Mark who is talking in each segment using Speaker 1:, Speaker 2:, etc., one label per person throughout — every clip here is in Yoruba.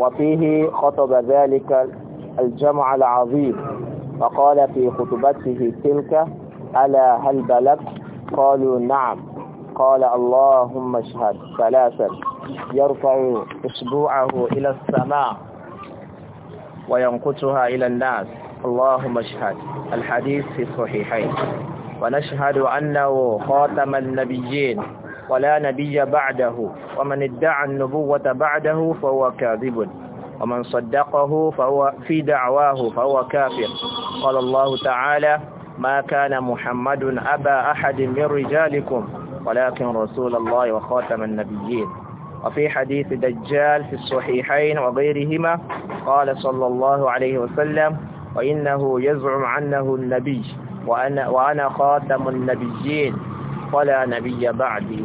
Speaker 1: وفيه خطب ذلك الجمع العظيم فقال في خطبته تلك ألا هل بلغ قالوا نعم قال اللهم اشهد ثلاثا يرفع إصبعه إلى السماء وينقطها إلى الناس اللهم اشهد الحديث في الصحيحين ونشهد أنه خاتم النبيين ولا نبي بعده ومن ادعى النبوة بعده فهو كاذب ومن صدقه فهو في دعواه فهو كافر قال الله تعالى ما كان محمد أبا أحد من رجالكم ولكن رسول الله وخاتم النبيين وفي حديث دجال في الصحيحين وغيرهما قال صلى الله عليه وسلم وإنه يزعم عنه النبي وأنا, وأنا خاتم النبيين ولا نبي بعدي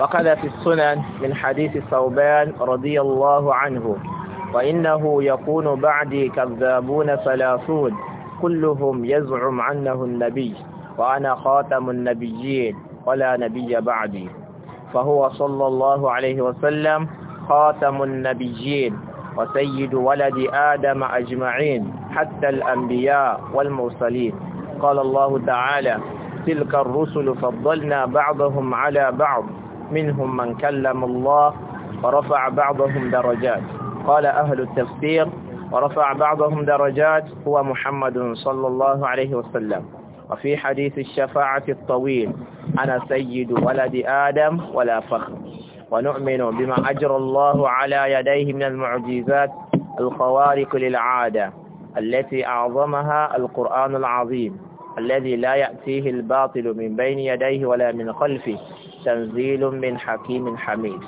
Speaker 1: وقد في السنن من حديث ثوبان رضي الله عنه وإنه يكون بعدي كذابون ثلاثون كلهم يزعم عنه النبي وأنا خاتم النبيين ولا نبي بعدي فهو صلى الله عليه وسلم خاتم النبيين وسيد ولد آدم أجمعين حتى الأنبياء والمرسلين قال الله تعالى تلك الرسل فضلنا بعضهم على بعض منهم من كلم الله ورفع بعضهم درجات قال أهل التفسير ورفع بعضهم درجات هو محمد صلى الله عليه وسلم وفي حديث الشفاعة الطويل أنا سيد ولد آدم ولا فخر ونؤمن بما أجر الله على يديه من المعجزات الخوارق للعادة التي أعظمها القرآن العظيم الذي لا يأتيه الباطل من بين يديه ولا من خلفه تنزيل من حكيم حميد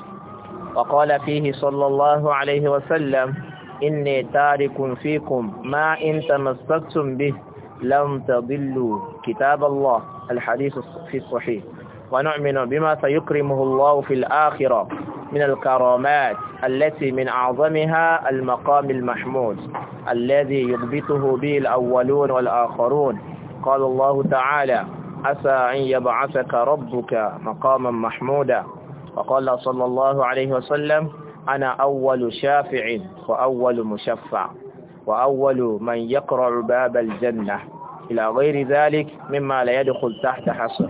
Speaker 1: وقال فيه صلى الله عليه وسلم إني تارك فيكم ما إن تمسكتم به لم تضلوا كتاب الله الحديث في الصحيح ونؤمن بما سيكرمه الله في الآخرة من الكرامات التي من أعظمها المقام المحمود الذي يضبطه به الأولون والآخرون قال الله تعالى عسى أن يبعثك ربك مقاما محمودا وقال صلى الله عليه وسلم أنا أول شافع وأول مشفع وأول من يقرع باب الجنة إلى غير ذلك مما لا يدخل تحت حصر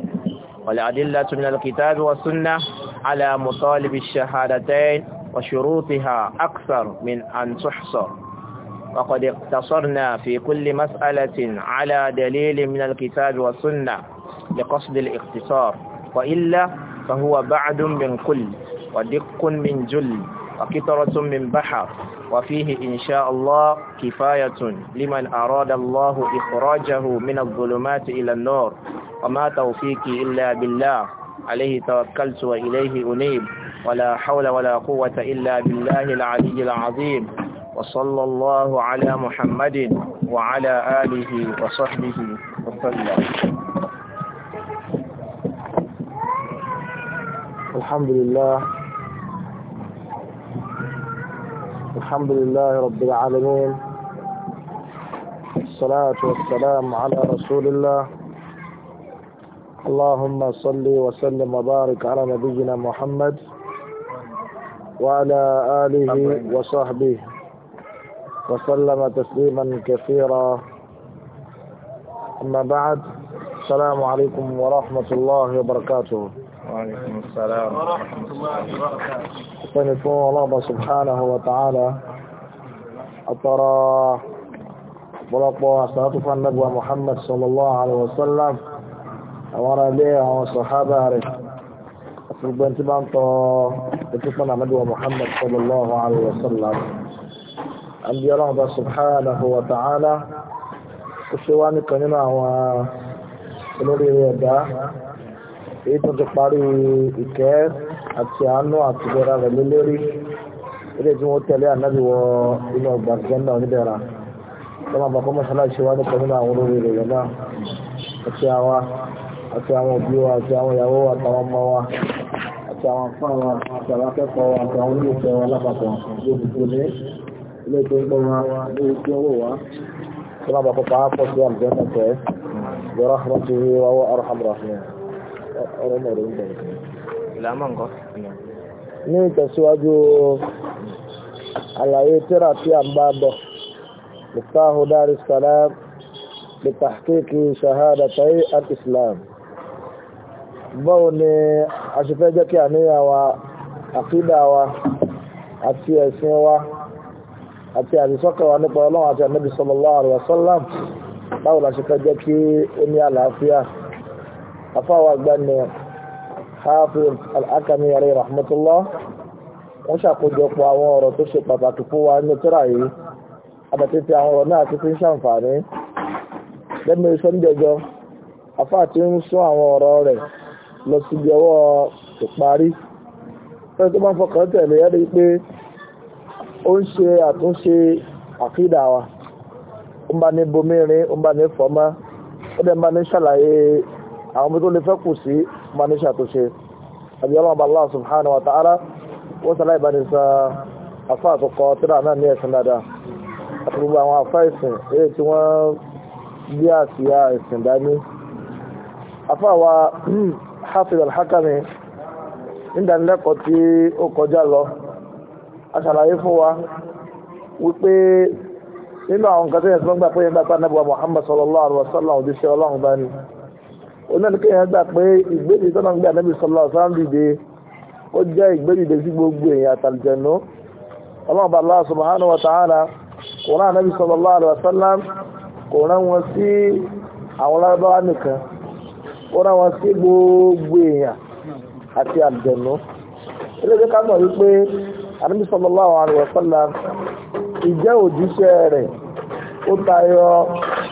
Speaker 1: والأدلة من الكتاب والسنة على مطالب الشهادتين وشروطها أكثر من أن تحصر وقد اقتصرنا في كل مسألة على دليل من الكتاب والسنة لقصد الاقتصار وإلا فهو بعد من كل ودق من جل وكثرة من بحر وفيه إن شاء الله كفاية لمن أراد الله إخراجه من الظلمات إلى النور وما توفيقي إلا بالله عليه توكلت وإليه أنيب ولا حول ولا قوة إلا بالله العلي العظيم وصلى الله على محمد وعلى آله وصحبه وسلم الحمد لله
Speaker 2: الحمد لله رب العالمين الصلاة والسلام على رسول الله اللهم صل وسلم وبارك على نبينا محمد وعلى آله وصحبه وسلم تسليما كثيرا أما بعد السلام عليكم ورحمة الله وبركاته وعليكم السلام
Speaker 3: ورحمة الله وبركاته
Speaker 2: سنفون الله سبحانه وتعالى أترى بلقوا أسنطف النبوة
Speaker 1: محمد صلى الله عليه وسلم أورا ليه وصحابه أتربين تبان تو أتفن النبوة محمد صلى الله عليه وسلم àbí ọlọ́run subhanahu wa ta'ala ó ṣe
Speaker 2: wá nìkan nínú àwọn olóríire ẹ̀dá èyí tó ti parí ìkẹ́ àti àánú àti ìdẹ̀ra rẹ̀ lélórí ilé tí wọ́n tẹ̀lé ànábì inú ọgbà àwọn akẹ́kọ̀ọ́ àti àwọn olólùfẹ́ wa lápapọ̀ yóò fi ní ilé tó ń gbọ́ wa ní ikú ọwọ́ wa tó máa bàkọ́ pa ápọ̀ sí àlùjọ́nà tẹ́ lọ́rọ̀ àwọn tó rí wa wọ́ ọ̀rọ̀ àmúra fún ọ̀rọ̀ mọ̀rọ̀ ń bẹ̀rẹ̀. ìlànà nǹkan. ní ìtẹ̀síwájú tí a ń al-islam báwo ni a ṣe fẹ́ jẹ́ kí àníyàn wa àkídà wa àti ẹ̀sìn wa àti àdìsọ́kàn wa nípa ọlọ́run àti ànábì sallallahu alaihi wasallam báwo la ṣe fẹ́ jẹ́ kí ó ní àlàáfíà afáwà gbani hafiz al-akami alayhi rahmatullah wọ́n ṣàkójọpọ̀ àwọn ọ̀rọ̀ tó ṣe pàtàkì fún wa ní tírà yìí àbàtẹ́tì àwọn ọ̀rọ̀ náà ti fi ń sún àwọn ọ̀rọ̀ rẹ̀ lọ síbi ọwọ́ ìparí pẹ́ẹ́ tó máa ń fọkàn tẹ̀lé ẹ́ o ń ṣe àtúnṣe àkídà wa ó ń bá ní bomirin ó ń bá ọmọ tó lè fẹ́ kù sí ó bá ní ṣàtúnṣe àbí ọlọ́run subhanahu wa ta'ala ó sàlàyé bá san afá àtọkọ tíra náà ní ẹ̀sìn dáadáa àti gbogbo àwọn afá ẹ̀sìn eré tí wọ́n bí dání afá wa aṣàlàyé fún wa wípé nínú àwọn nǹkan tó yẹ fún gbà pé yẹn gbàgbà nàbùwà Muhammad sallallahu alaihi wa sallam òdìṣẹ́ ọlọ́run bá ní onílẹ̀kẹ́ yẹn gbà pé ìgbédìí tọ́nà ń gbà nàbì sallallahu alaihi dìde ó jẹ́ ìgbédìí sí gbogbo èèyàn àtàlùjẹ̀nú ọlọ́run bá Allah subhanahu wa ta'ala kò rán nàbì sallallahu alaihi kò Ànábì sallallahu alaihi wa sallam ìjẹ́ òjíṣẹ́ rẹ̀ ó tayọ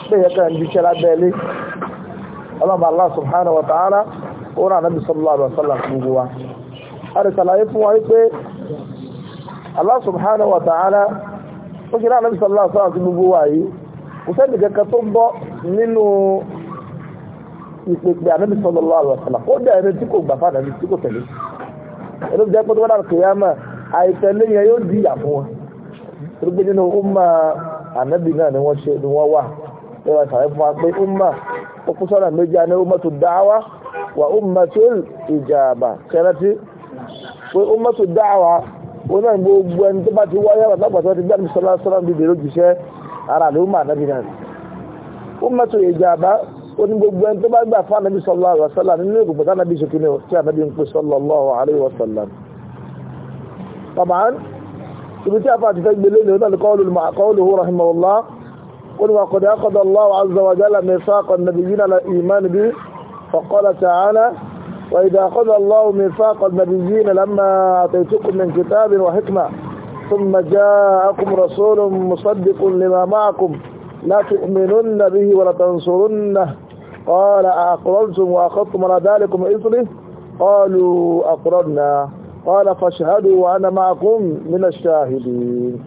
Speaker 2: péyẹ́kẹ́ ń jíṣẹ́ lábẹ́lé ọlọ́mọ Allah subhanahu wa ta'ala ó rà Ànábì sallallahu alaihi wa sallam fún gbogbo wa a rẹ̀ sàlàyé fún wa wípé Allah subhanahu wa ta'ala ó kí Ànábì sallallahu alaihi wa sallam fún gbogbo wa yìí kò sẹ́ni kankan tó ń ìpèpè Ànábì sallallahu alaihi wa ó dẹ̀ ẹni tí kò gbà fún Ànábì tí kò tẹ̀lé ẹni jẹ́ pé tó wọ́n dà àìtẹ̀lé yẹn yóò di ìyà fún wọn torí pé nínú umma ànábì náà ni wọ́n ṣe ni wọ́n wà wọ́n wá sàrẹ́ fún wa pé umma ó wa pé ó náà gbogbo ẹni tó bá ti wáyé wà ti bí bèrè òjìṣẹ́ ara náà ó ní gbogbo ẹni tó bá gbà fún طبعا ibi tí a fà ti fẹ́ gbélé ní ọdún alkọọlù ma'akọọlù rahimahullah أخذ الله عز وجل ميثاق النبيين على الإيمان به فقال تعالى وإذا أخذ الله ميثاق النبيين لما أعطيتكم من كتاب وحكمة ثم جاءكم رسول مصدق لما معكم لا تؤمنن به ولا تنصرنه قال أقررتم وأخذتم على ذلكم إصري قالوا أقررنا قال فاشهدوا وأنا معكم من الشاهدين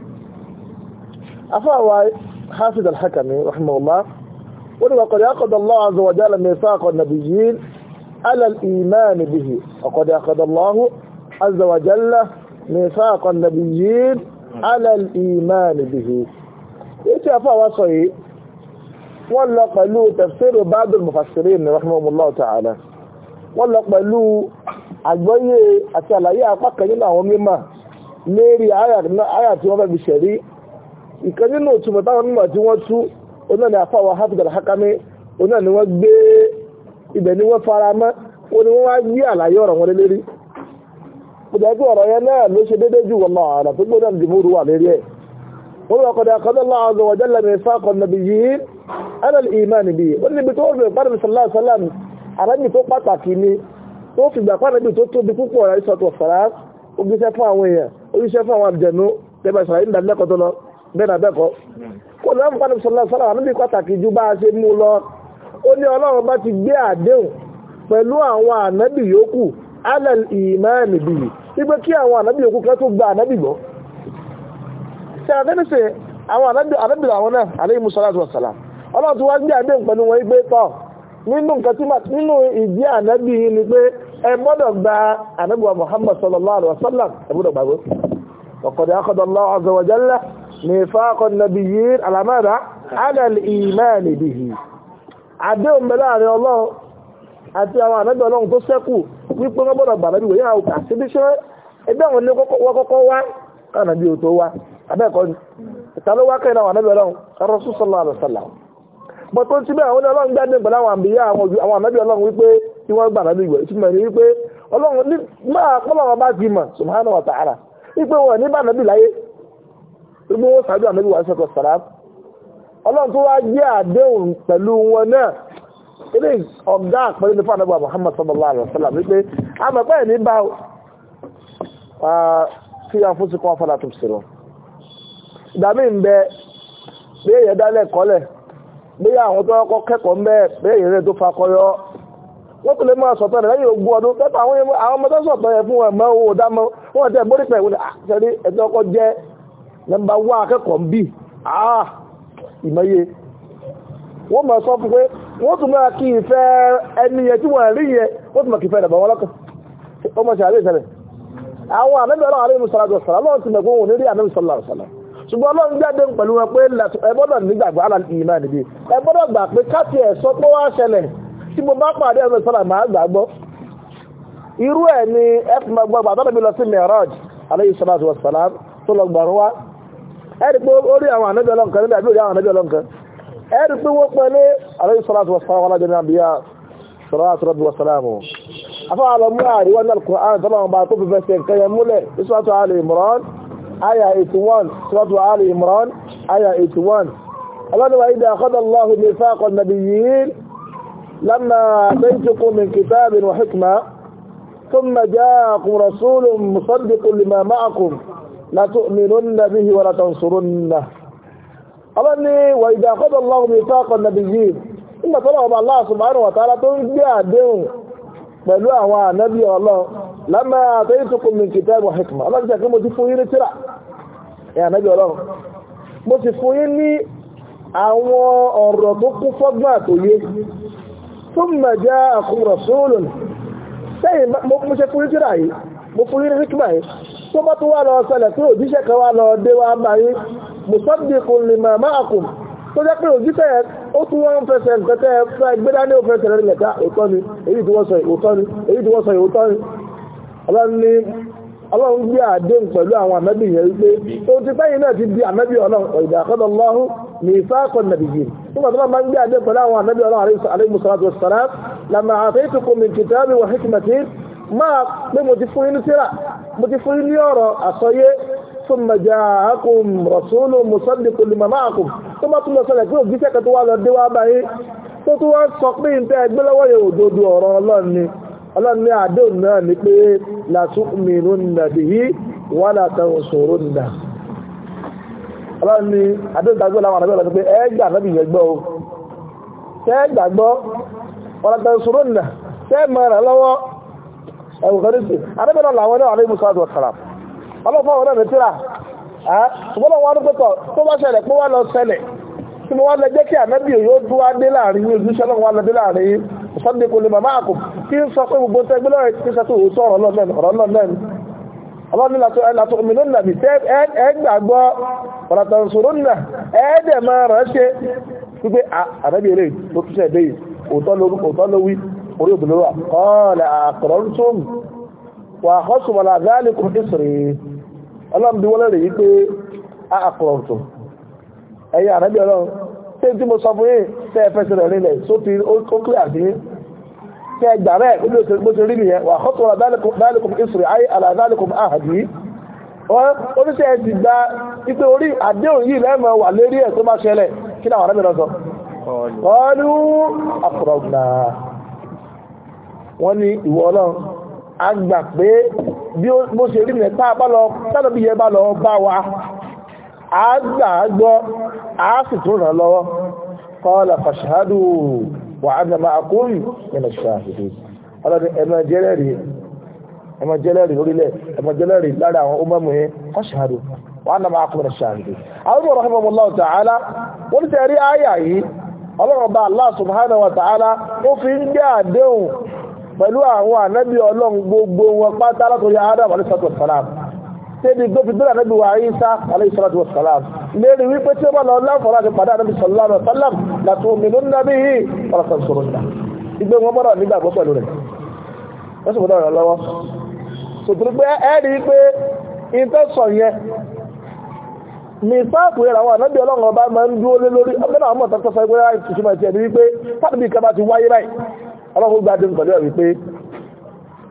Speaker 2: أفاوى حافظ الحكم رحمه الله وقد أخذ الله عز وجل ميثاق النبيين على الإيمان به وقد أخذ الله عز وجل ميثاق النبيين على الإيمان به يتي أفاوى صحيح wọ́n lọ pẹ̀lú tafsir ba'd al-mufassirin rahimahumullah ta'ala wọ́n àgbọ́yé àti àlàyé apá kan nínú àwọn mímọ̀ lérí àyà tí wọ́n fẹ́ fi ṣẹ̀rí ìkan nínú òtúmọ̀ táwọn mímọ̀ tí wọ́n tú oná ni àfáwà hafidal hakami oná ni wọ́n gbé ibẹ̀ ni wọ́n fara mọ́ ó ní wọ́n wá gbé àlàyé ọ̀rọ̀ wọn lérí ìdájú ọ̀rọ̀ yẹn náà ló ṣe déédéé jù wọ́n àrà tó gbóná jùmúrù wà lérí ẹ̀ wọ́n lọ kọ́dà kọ́dà láwọn wọ́n jẹ́lẹ̀ mẹ́fà kan nàbí yìí alal ìmánì bíi wọ́n níbi tó rẹ̀ pàdé sàlá sàlám àrẹ́mì tó pàtàkì ni ó fi gbà pàdánù tó tóbi púpọ̀ ọ̀rọ̀ ìṣọ̀tọ̀ fara ó gbéṣẹ́ fún àwọn èèyàn ó gbéṣẹ́ fún àwọn àbìjẹ̀nú tẹ́gbà ìṣọ̀rọ̀ yìí nídàlẹ́kọ̀ọ́ tó lọ bẹ́ẹ̀ náà bẹ́ẹ̀kọ́ kó lọ́wọ́ fún pàdánù sọ̀rọ̀ sọ̀rọ̀ àmì pàtàkì ju bá a ṣe mú lọ ó ní ọlọ́run bá ti gbé àdéhùn pẹ̀lú àwọn ànábì yòókù alal ìmáàmì bìyì wípé kí àwọn ànábì yòókù kan tó gba ànábì gbọ́ ṣe àfẹ́nìṣe àwọn ànábì àwọn náà alayhi musallatu wassalam ọlọ́run ti wá gbé àdéhùn pẹ̀lú wọn wípé tọ́ nínú ìdí ànábì yìí ni pé ẹ gbọ́dọ̀ gba ànábì muhammad sallallahu alaihi wasallam ẹ gbọ́dọ̀ gbàgbọ́ àti àwọn ànábì ọlọ́run tó sẹ́kù wípé wọ́n gbọ́dọ̀ gbà lẹ́bí wòye ṣe ẹgbẹ́ kọ́kọ́ wá kánà bí tí wọ́n gbà náà gbọ́ ìtumọ̀ ní wípé ọlọ́run ní máa kọ́lọ́run bá ti mọ̀ subhanahu wa ta'ala wípé wọn ní bànàbí láyé gbogbo wọn wà sẹ́kọ̀ sàrà ọlọ́run tó gbé àdéhùn pẹ̀lú wọn náà ilé ọ̀gá àpẹẹrẹ ní fún Muhammad sallallahu wa sallam wípé àmọ̀pẹ́ ní bá tó rọ ń bẹ bí dálẹ̀ kọ́lẹ̀ bí àwọn tó kọ́ kẹ́kọ̀ọ́ ń bẹ bí rẹ̀ tó wọ́n tún lè máa sọ̀tọ̀ rẹ̀ lẹ́yìn ogún ọdún pẹ́pẹ́ àwọn ọmọ sọ̀tọ̀ yẹn fún ẹ̀mọ́ owó dámọ́ wọ́n tẹ̀ borí pẹ̀lú àṣẹrí ah, ẹ̀tọ́ ọkọ̀ jẹ́ wá akẹ́kọ̀ọ́ bí ah, ìmọ̀ye wọ́n máa sọ fún pé wọ́n tún máa kí ìfẹ́ ẹni yẹn tí wọ́n rí yẹn wọ́n tún máa kí ìfẹ́ lọ́kàn ó ṣe àlẹ́ ṣùgbọ́n ọlọ́run jáde pẹ̀lú tí mo bá pàdé ẹ̀rọ sọ́nà máa gbàgbọ́ irú ẹ̀ ni ẹ̀fùn gbogbo àtọ́nà mi lọ sí Mi'raj alayhi salatu wassalam tó lọ gbọ̀rún wá ẹ̀rì pé ó rí àwọn ànábì ọlọ́nkan níbi àbí òrí àwọn ànábì ọlọ́nkan ẹ̀rì pé wọ́n pẹ̀lú alayhi salatu wassalam alájọ ní àbíyá salatu rabbi wassalamu afọ́ àlọ́ mú àríwá náà kò án tọ́lọ́ ọba tó fi fẹsẹ̀ nǹkan yẹn múlẹ̀ ìṣúwàtò Ali Imran aya 81 ìṣúwàtò لما أتيتكم من كتاب وحكمة ثم جاءكم رسول مصدق لما معكم لا تؤمنن به ولا تنصرنه أظني وإذا أخذ الله ميثاق النبيين ثم طلب الله سبحانه وتعالى تنبيع الدين pẹ̀lú àwọn ànábí ọlọ́ lámà àtẹ́yìntùkùn min kitab wa hikma alájẹ́ kí mo ti fún yín ní tíra ẹ̀ ànábí ọlọ́ mo ti ثم جاءكم رسول sẹ́yìn mo ṣe fún ìtìrà yìí mo fún ìrìn ríkìmà yìí tó bá tó wà lọ ṣẹlẹ̀ tí òjíṣẹ́ kan wà lọ dé wa bá yí musaddiqun lima ma'akum tó jẹ́ otu ni èyí tí wọ́n sọ òtọ́ ميثاق النبيين ثم طبعا ما نجي عندنا فلا النبي الله عليه الصلاة والسلام لما أعطيتكم من كتاب وحكمة ما بمجفوين سراء مجفوين يرى أصيه ثم جاءكم رسول مصدق لما معكم ثم ثم صلى الله عليه وسلم كتوا لدوا به تتوا سقين تأجبل ويودود وراء الله ني الله ني عدو ناني لا تؤمنون به ولا تنصرون ọlọ́run ni adóńtagbó láwọn àdàbí ọlọ́run pé ẹ gbà nábì yẹn gbọ́ o tẹ́ gbàgbọ́ ọlọ́tẹ̀ ṣòro nà tẹ́ mẹ́rẹ̀ lọ́wọ́ ẹ̀wùkọ́rísì àdàbí ọlọ́run làwọn náà àlẹ́ musa àdùn ọ̀sàrà ọlọ́fọ́ ọ̀rọ̀ náà nìtìrà ṣùgbọ́n wọn rúkọ tọ̀ tó bá ṣẹlẹ̀ pé wọ́n lọ ṣẹlẹ̀ tí mo wá lẹ jẹ́ kí ànábì yóò dún wá dé láàrin yóò dúṣẹ́ náà wá lọ dé láàrin yìí sọ́ndé kò lè màmá àkùn kí ọlọ́ni látọ̀ òmìnir nàbí ẹgbàgbọ́ ọ̀rọ̀tàǹsòrò nà ẹ́ẹ̀dẹ̀ máa rẹ̀ ṣe wípé àrẹ́bìnrin tó túnṣẹ́ ẹ̀dẹ́ yìí òtọ́ lówí orí òbìnirwà kọ́ọ̀lẹ̀ àkọ̀rọ̀ntún wà kọ́sùmọ̀lá gáàlìkùn ìsìrì ọlọ́mdíwọ́lẹ̀ rẹ̀ wípé àkọ̀rọ̀ntún ẹ̀yà àrẹ́bìnrin kẹ gbà bẹ́ẹ̀ bó ṣe rí nìyẹn wà kọ́tọ̀ ra dálẹ́kùn ìṣòro ayé àlàdálẹ́kùn àhàdì wọ́n oníṣẹ́ ti gba ipe orí àdéhùn yìí lẹ́mọ̀ wà lérí ẹ̀ tó bá ṣẹlẹ̀ kí náà wọ́n ní ìwọ ọlọ́run a وعدنا معكم من الشاهدين ọlọ́dún ẹmọ jẹ́lẹ̀rí ẹmọ jẹ́lẹ̀rí lórílẹ̀ ẹmọ jẹ́lẹ̀rí lára àwọn ọmọmọ yẹn kọ́ṣàdù wọ́n na máa kúrò ṣàdù àwọn ọmọ ọ̀rọ̀ ọmọ ọlọ́run tààlá wọ́n ti tẹ̀rí àyà yìí ọlọ́run bá Allah subhanahu wa ta'ala ó fi ń gbé débi gbé fi gbé ànábì wa Ìsá alayhi salatu wassalam lérí wípé tí ó bá lọ láǹfààní àti pàdé ànábì sallallahu alaihi wasallam láti omi ló nábì yìí ọ̀rọ̀sán sọ̀rọ̀ nígbà ìgbé wọn bọ́dọ̀ nígbàgbọ́ pẹ̀lú rẹ̀ wọ́n sì bọ́dọ̀ rẹ̀ lọ́wọ́ sòtúrú pé ẹ rí i pé ìtọ́ sọ yẹn ní sáàpù yẹn àwọn ànábì ọlọ́run ọba máa ń dúró lé lórí ọgbẹ́nà àwọn ọ̀tọ́ sọ pé láì tuntun àti ẹ̀mí wípé sáàbì kan bá ti wáyé báyìí ọlọ́run gba dé nǹkan lẹ́yìn wípé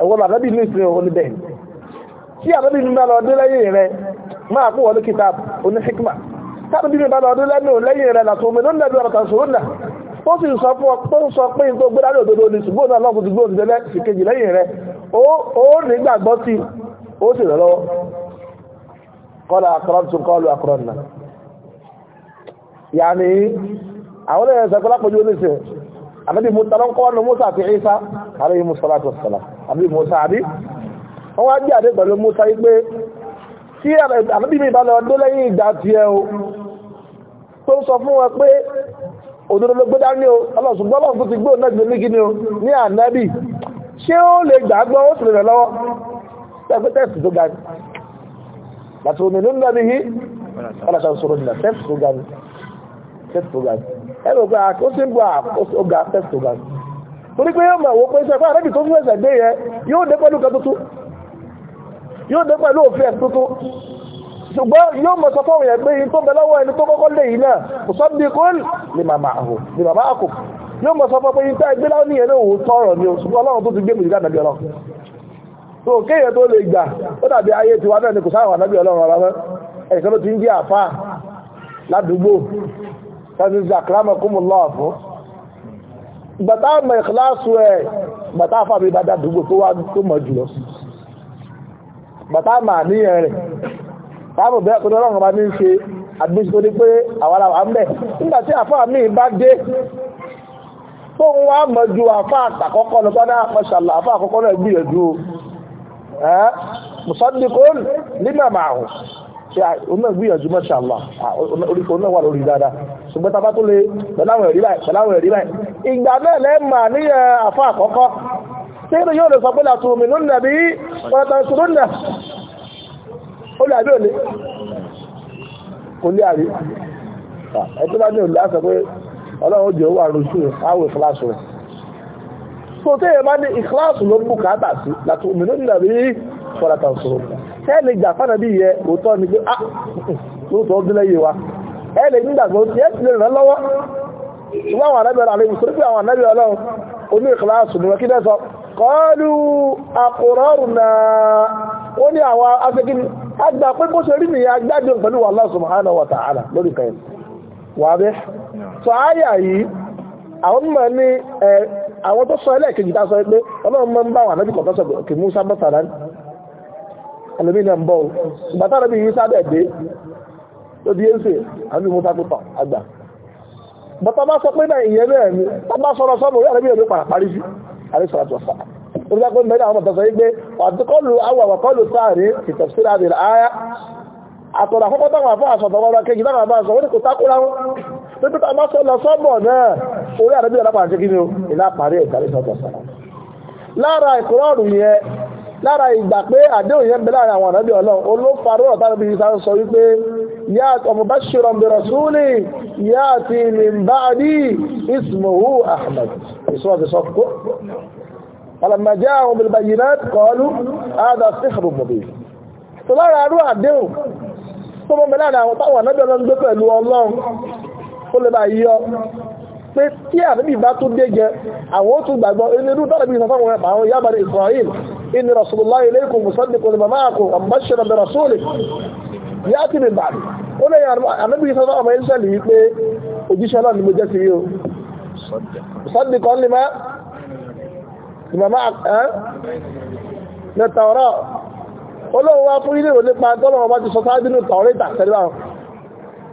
Speaker 2: ẹ̀wọ́n ànábì ní ìsinmi òun ní bẹ́ẹ̀ tí àbẹ́bí mi bá lọ dé lẹ́yìn rẹ̀ máa kó wọlé kìtàbù oní hikma tábí bí mi bá lọ dé lẹ́yìn rẹ̀ látò omi lónìí lẹ́bí ọ̀rọ̀ta sòrò nà ó sì sọ fún ọ tó ń sọ pé n tó gbé dálé òdodo ní ṣùgbọ́n náà lọ́kùn ti gbé òdodo lẹ́ sì kejì lẹ́yìn rẹ̀ ó ní gbàgbọ́ sí ó sì rẹ̀ Musa àti wọ́n wá gbé àdé pẹ̀lú Musa wípé tí àbíbí mi lẹ́yìn ti o tó ń sọ fún wọn pé ló gbé dání o ọlọ́sùgbọ́n tó ti gbé òun ní ànábì ṣé ó lè gbàgbọ́ ó sì lè rẹ̀
Speaker 3: lọ́wọ́
Speaker 2: tẹ́sì tó omi ọlọ́sà sọ̀rọ̀ nílẹ̀ tẹ́sì tó tẹ́sì tó ẹ̀rọ pé ó sì ń bọ̀ ga torí pé yóò mọ̀ iṣẹ́ pé àrẹ́bì tó fún ẹ̀sẹ̀ gbé yẹ yóò dé yóò dé pẹ̀lú òfin ẹ̀ tuntun ṣùgbọ́n yóò mọ̀ sọ fọ́wọ̀n yẹn pé yìí tó bẹ̀lọ́wọ́ ẹni tó kọ́kọ́ lè yìí náà kò sọ bí kó lè màmá àhò lè màmá àkò yóò mọ̀ sọ fọ́ pé yìí tá ẹgbẹ́ láwọn nìyẹn náà ò tọrọ ni o ṣùgbọ́n ọlọ́run tó ti gbé mùsùlùmí àdàbí ọlọ́run tó kéèyàn tó ni kò sáwọn àdàbí ọlọ́run ọ̀rọ̀ ẹ̀sán ló ti ń jẹ́ àfà ládùúgbò ìkìláàsù ẹ̀ gbàtà àfà mi bá tó wá tó mọ̀ jùlọ sí bàtà mà níyàn rẹ̀ táàbù bẹ́ẹ̀ pé ọlọ́run bá ní í ṣe àdúgbò tó ní pé àwọn ará wa ń bẹ̀ nígbà tí àfà mi bá dé tó ń wá mọ̀ ju àfà àtàkọ́kọ́ lọ sọ́dá àpọ̀ṣàlà àfà àkọ́kọ́ náà gbìyànjú ẹ́ mùsọ́dínkún nígbà máa hùn ṣe ọ̀nà gbìyànjú mọ́ṣàlá oríkọ̀ náà wà lórí dáadáa ṣùgbọ́n tá a bá tó lè pẹ̀láwọn ẹ̀rí báyìí ìgbà náà àkọ́kọ́ tẹ́rù yóò lè sọ pé látò omi ló nà bí pọ̀lọ̀tà ìṣòro nà ó lè àbí òní kò lè àrí ẹ̀tọ́ bá ní òní á sọ pé ọlọ́run jẹ́ owó àrùn ìṣúrù áwọ̀ ìfúláṣù rẹ̀ tó tẹ́yẹ bá ní ìfúláṣù ló mú kàátà sí látò omi ló nà bí pọ̀lọ̀tà ìṣòro tẹ́lẹ̀ ìjà fánà ah, bí oní ìkìláàsù ni wọ́n kí dẹ́sọ́ kọlu ọrụ na ní àwọn afẹ́kín agbà pé bó ṣe rí ní agbádùn pẹ̀lú Allah subhanahu wa ta'ala lórí kan wà bẹ́ tó ayà yìí àwọn mọ̀ ní àwọn tó sọ ẹlẹ́ẹ̀kejì tá sọ pé ọlọ́run mọ́ ń bá wà lọ́dún Musa àríṣọ́láṣọ́ sáà orílẹ̀-èdè mẹ́rin àwọn ọ̀tọ̀sọ̀ yìí pé wàtíkọ́lù awà wàkọ́lù sáàrí ìtọ̀síra àbí ààyà àtọ̀rọ̀ àkọ́kọ́ táwọn àfọ́ àṣọ̀tọ̀ wọn kejì táwọn àbá àṣọ wọn ni kò tákúra wọn tó pípa bá sọ lọ sọ́bọ̀ náà orí àdébí ọlọ́pàá àti kíni o ìlà parí ìtàrí ìtọ̀sọ̀rọ̀ lára ìkúrọ̀rù yẹn lára ìgbà pé àdéhùn yẹn bẹ̀rẹ̀ àwọn ànábì ọlọ́run olófarọ́ ọ̀tàrà bí sáà sọ wípé yá ọmọ bá ṣèrọ bẹ̀rọ̀ súnlẹ̀ yá àti ìlìmbáàdì ismuhu ahmed ìsọ́ọ̀tẹ̀sọ́ kó ọlọ́mọ jẹ́ àwọn bẹ̀rẹ̀ yìí náà kọlu ádá síhàrù pé tí àbíbì bá tún dé jẹ àwọn ó tún gbàgbọ́ inú tàbí ìsọ̀fà wọn àwọn yá bari Israel inú rasulullah ilaykum musaddiqun lima ma'akum ambashiran bi rasulih ya'ti min ba'di ó lè ànábì ìsọ̀fà ọmọ ìsọ̀lì wípé òjíṣẹ́ náà ni mo jẹ́ sí yóò musaddiqun lima lima ma'akum ní eh? tàwọ́rọ̀ olóòwò wá fún ilé ìwé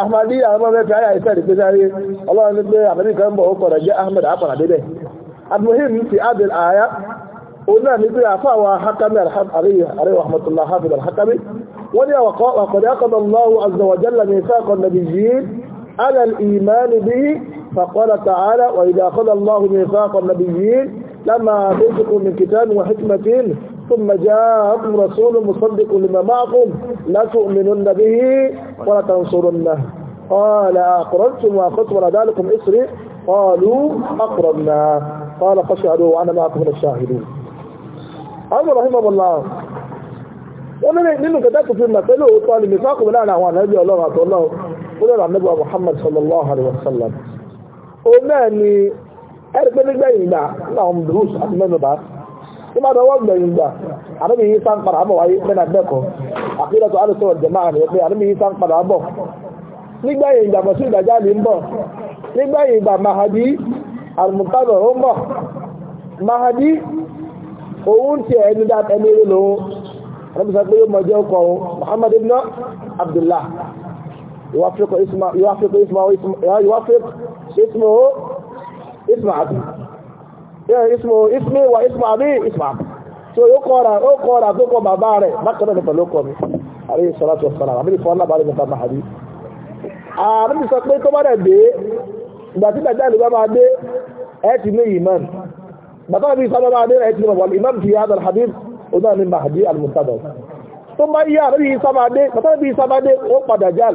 Speaker 2: ahmadi àwọn mẹ́fẹ́ ayà ìfẹ́ ìpé sáré ọlọ́run nígbé àmàdí kan bọ̀ ó kọ̀rọ̀ jẹ́ ahmed apara débẹ̀ almuhim fi adil aya o náà nígbé àfáwà hakami àríwá ahmadullah hafid alhakami wọ́n ni àwọ̀kọ̀dẹ́ akọ̀dọ̀ allahu azawajalla ní sáàkọ̀ nàbí yìí على الإيمان به فقال تعالى وإذا أخذ الله ميثاق النبيين لما أتيتكم من كتاب وحكمة ثم جاءكم رسول مصدق لما معكم لا تؤمنن به ولا تنصرنه قال أقررتم وأخذتم على ذلكم إسري قالوا أقررنا قال فاشهدوا وأنا معكم من الشاهدين أمر رحمه الله wọ́n ní nínú kẹtàkù fi mẹ́fẹ́ lóòótọ́ ni mẹ́fàkù láàrin àwọn ànábì ọlọ́run àti ọlọ́run ó lọ́rọ̀ ànábì wa Muhammad sallallahu alaihi wasallam òun náà ni ẹ̀rí pé nígbẹ̀yìn ìgbà láwọn bruce àti mẹ́nuba tó bá dọwọ́ gbẹ̀yìngbà àdébí yìí sáń padà bọ̀ wáyé mẹ́nà bẹ́ẹ̀kọ́ àkídàtọ̀ alùsọ̀ jẹ̀máà ni pé àdébí yìí sáń padà bọ̀ nígbẹ̀yìn ìgbà mọ̀sí ìdájá lè ń bọ̀ nígbẹ̀yìn ìgbà mahadi almutaba ó ń bọ̀ mahadi òun ti ẹni dá ẹni rí lòun àdébísà pé yóò mọ̀jẹ́ ọkọ̀ òun Muhammad ibn Abdullah yóò wá fẹ́ kọ́ ismail ismu ismi wa ismu abi ismu abi so yóò kọ́ra ó kọ́ra tó kọ́ bàbá rẹ̀ bákan náà pẹ̀lú ọkọ mi àríyí sọ́lá tó sọ́lá àbí ìfọ́ ńlá bàálù nípa màhàbí. ààrùn ti sọ pé tó bá rẹ̀ dé ìgbà tí dàjà lè bá máa dé ẹ ti ní imam bàtà bí sábà máa dé ẹ ti ní wal imam fi hadha al-habib ó náà ní màhàbí al-muntadab tó bá yí àríyí sábà dé bàtà bí sábà dé ó pa dàjàl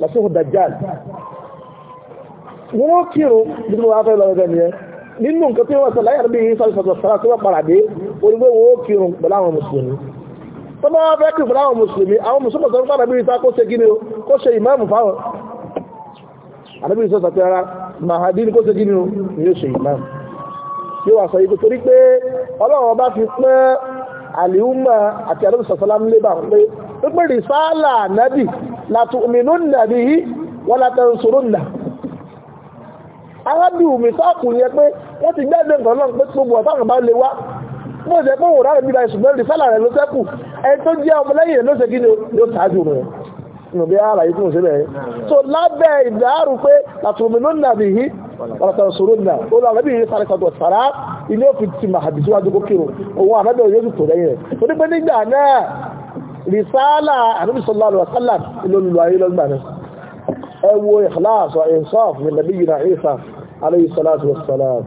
Speaker 2: lọ́sùn dàjàl wọ́n kírun bí wọ́n á fẹ́ nínú nǹkan tí wọ́n sọ̀lá yàrá bí i sọ́lọ́sọ̀tọ̀ sọ́lá tí wọ́n paradé onígbé wo kírun pẹ̀lú àwọn mùsùlùmí tó bá wọ́n fẹ́ kírun pẹ̀lú àwọn mùsùlùmí àwọn mùsùlùmí sọ́lá padà bí i sọ́lá kó ṣe gíní o kó ṣe ìmáàmù fáwọn àdébí sọ́lá tí ara mahadi kó ṣe gíní o ni yóò ṣe ìmáàmù yóò wà sọ yìí torí pé ọlọ́run ọba fi pẹ́ àlìhùmà àti àdébí sọ́lá ń lé bá wọn pé pípé rìsáàlà nàbì làtùmínú wọ́n látẹ̀ ń sọ̀rọ̀ nà arábìnrin mi sáàkù yẹ pé wọ́n ti gbẹ́gbẹ́ nǹkan náà pé gbogbo ọ̀táwọn bá lè wá mo jẹ́ pé òwúrọ̀ rẹ̀ nígbà ìṣùgbọ́n rí sálà rẹ̀ ló sẹ́kù ẹni tó jẹ́ ọmọ lẹ́yìn rẹ̀ ló ṣe kí ni ó ṣáájú rẹ̀ nù bí ara yìí kún síbẹ̀ so lábẹ́ ìdáàrú pé làtùmínú nàbì yìí ọ̀rọ̀tàn sòrò nà ó lọ àrẹ́bí yìí sáré kan sàrá ilé òfin ti màhàbì síwájú kó kírun òun àrẹ́bí yóò sì tò lẹ́yìn